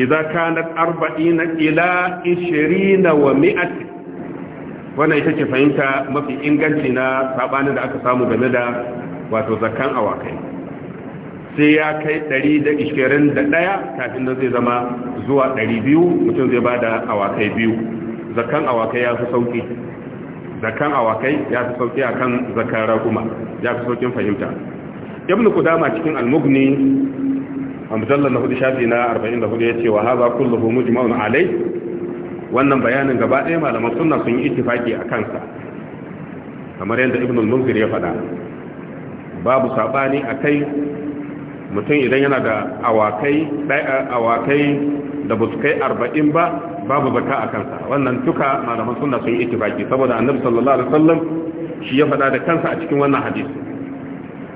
Speaker 1: idza kanat 40 ila 20 wa 100 wannan ita ce fahimta mafi inganci na sabanin da aka samu game da wato zakan awakai sai ya kai 121 kafin da zai zama zuwa 200 mutum zai ba da awakai biyu zakan awakai ya fi sauki zakan awakai ya fi sauki a kan zakan raguma ya fi saukin fahimta ibn kudama cikin almugni a mujallar na hudu shafi na 44 ya ce wa haza kullum kulluhu mujma'un alai wannan bayanin gaba ɗaya malaman suna sun yi itifaki a kansa kamar yadda ibn al-munzir ya faɗa babu sabani akai mutum idan yana da awakai eh, awakai da buskai arba'in ba babu zaka a kansa wannan duka malaman sunna sun yi ittifaki saboda annabi sallallahu alaihi wasallam shi ya faɗa da kansa a cikin wannan hadisi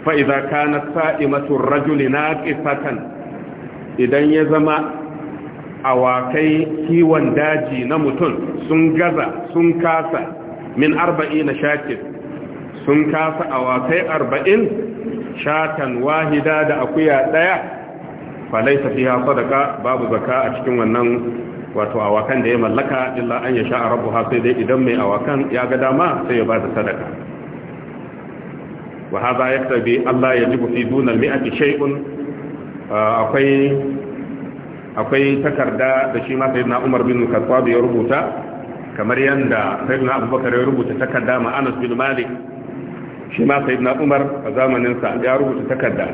Speaker 1: fa idza kanat sa'imatu ar-rajuli naqisatan idan ya zama awakai kiwon daji na mutum sun gaza sun kasa min arba'in shakin sun kasa awakai arba'in shatan wahida da akuya daya falaita fiha sadaka babu zaka a cikin wannan wato awakan da ya mallaka illa an yasha rabbuha sai dai idan mai awakan ya ga dama sai ya ba da sadaka wa hada yaktabi Allah yajibu fi dunal mi'ati shay'un uh, akwai akwai takarda da shi ma sayyidina Umar bin Khattab ya rubuta kamar yanda sayyidina Abubakar ya rubuta takarda ma Anas bin Malik shi ma sai na umar a zamaninsa ya rubuta takarda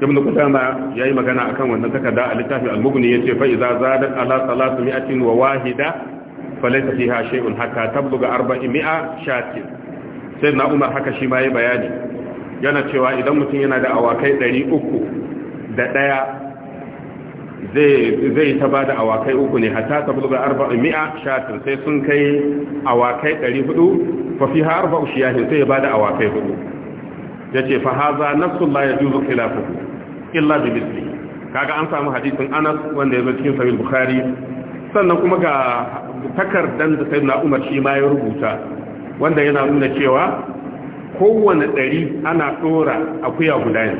Speaker 2: ibn qudama yayi magana akan wannan takarda a littafin al-mughni yace fa idza zadat ala salatu mi'atin
Speaker 1: wa wahida falaysa fiha shay'un hatta tabluga arba'i mi'a shatin sai na umar haka shi ma yayi bayani yana cewa idan mutum yana da awakai 300 da daya zai ta ba da awakai uku ne Hata ta bulga arba'in mi'a shatin sai sun kai awakai ɗari hudu Fafi ha arba ushi ya sai ya ba da awakai hudu ya ce fa haza nafsun la ya juzu khilafu illa bi misli kaga an samu hadisin anas wanda ya zo cikin sahih bukhari sannan kuma ga takardan da na umar shi ma ya rubuta wanda yana nuna cewa kowane ɗari ana ɗora akuya guda ne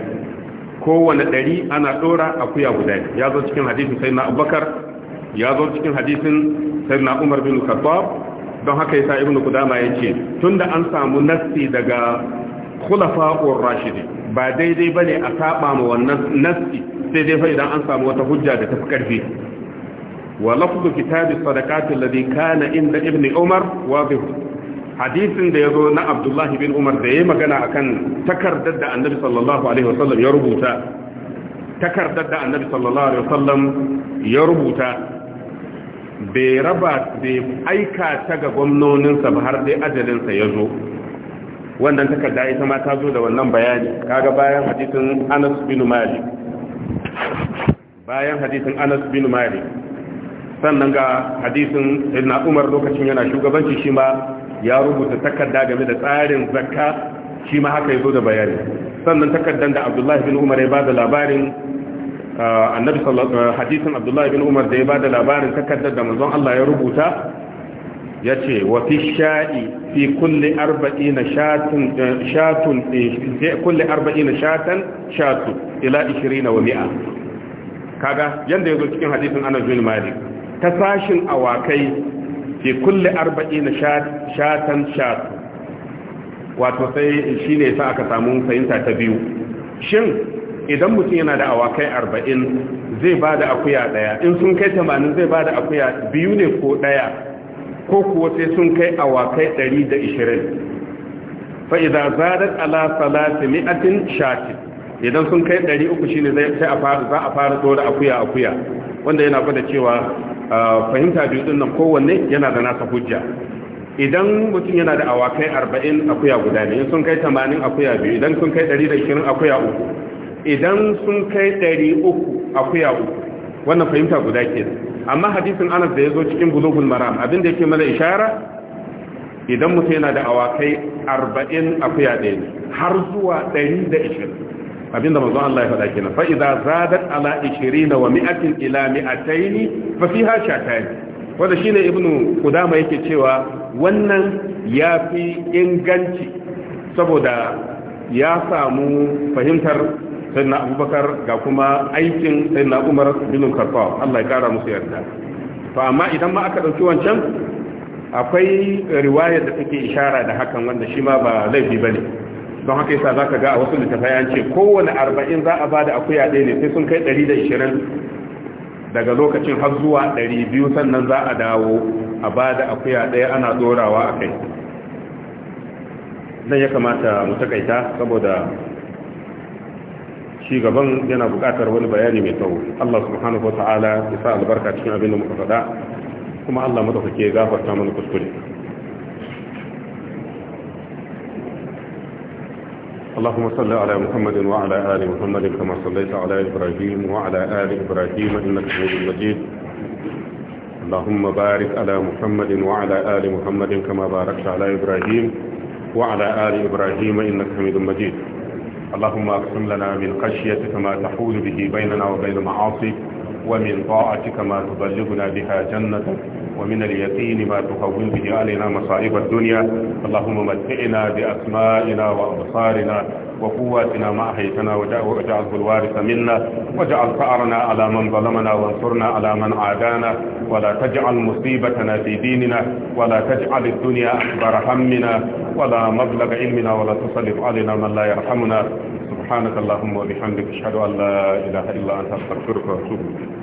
Speaker 1: kowane ɗari ana ɗora akuya guda ya zo cikin hadisin sai na abubakar ya zo cikin hadisin sai na umar bin khattab don haka yasa ibnu kudama ya ce tunda an samu nassi daga khulafa'ur rashidi ba daidai bane a saba ma wannan nassi sai dai fa idan an samu wata hujja da tafi karfi wa lafzu kitab as-sadaqat alladhi kana inda ibni umar wadih hadisin da ya zo na abdullahi bin umar da ya yi magana a kan takardar da annabi sallallahu alaihi wasallam ya rubuta takardar da annabi sallallahu alaihi wasallam ya rubuta bai raba bai aika ta ga gwamnoninsa ba har dai ajalinsa ya zo wannan takarda ita ma ta zo da wannan bayani kaga bayan hadisin anas bin malik bayan hadisin anas bin malik sannan ga hadisin ibn umar lokacin yana shugabanci shi ma ya rubuta takarda game da tsarin zakka shi ma haka zo da bayani sannan takardan da abdullahi bin Umar ya bada labarin annabi sallallahu hadisin bin Umar da ya bada labarin takardar da manzon Allah ya rubuta yace wa fi sha'i fi kulli 40 shatun eh, shatun eh, fi kulli 40 shatan shatu ila 20 na wani'a kaga yanda zo cikin hadisin ana bin Malik ta sashin awakai fi kulli na shatan shatu wato sai shi ne sa aka samu fahimta ta biyu shin idan mutum yana da awakai arba'in zai ba da akuya daya in sun kai tamanin zai ba da akuya biyu ne ko daya ko kuwa sai sun kai awakai dari da ishirin fa'iza zarar ala salati mi'atin shati idan sun kai dari uku shi ne a za a fara tsoro akuya akuya wanda yana gwada cewa fahimta biyu din nan kowanne yana da nasa hujja idan mutum yana da awakai arba'in akuya guda ne sun kai tamanin akuya biyu idan sun kai dari da ishirin akuya uku idan sun kai dari uku akuya uku wannan fahimta guda ke amma hadisin anas da ya zo cikin bulugun maram abin da yake mana ishara idan mutum yana da awakai arba'in akuya ɗaya har zuwa dari da ishirin abinda manzo Allah ya faɗa kenan fa idza zadat ala 20 wa mi'atin ila mi'ataini fa fiha shatayn wanda shine ibnu qudama yake cewa wannan yafi inganci saboda ya samu fahimtar sayyidina abubakar ga kuma aikin sayyidina umar bin khattab Allah ya kara musu yarda to amma idan ma aka dauki wancan akwai riwayar da take ishara da hakan wanda shi ma ba laifi bane don haka yasa zaka ga a wasu littafai an ce kowane arba'in za a bada akuya ɗaya ne sai sun kai ɗari da ishirin daga lokacin har zuwa ɗari biyu sannan za a dawo a bada akuya ɗaya ana dorawa a kai zan ya kamata mu takaita saboda shi gaban yana buƙatar wani bayani mai tsawo Allah subhanahu wa ta'ala ya sa albarka cikin abin da muka faɗa kuma Allah madaukake ya gafarta mana kuskure اللهم صل على محمد وعلى آل محمد كما صليت على إبراهيم وعلى آل إبراهيم إنك حميد مجيد اللهم بارك على محمد وعلى آل محمد كما باركت على إبراهيم وعلى آل إبراهيم إنك حميد مجيد اللهم اقسم لنا من خشيتك ما تحول به بيننا وبين معاصيك ومن طاعتك ما تبلغنا بها جنتك ومن اليقين ما تهون به علينا مصائب الدنيا اللهم متعنا بأسمائنا وأبصارنا وقواتنا ما أحيتنا واجعله الوارث منا واجعل ثأرنا على من ظلمنا وانصرنا على من عادانا ولا تجعل مصيبتنا في ديننا ولا تجعل الدنيا أكبر همنا ولا مبلغ علمنا ولا تسلط علينا من لا يرحمنا سبحانك اللهم وبحمدك اشهد ان لا اله الا انت استغفرك واتوب اليك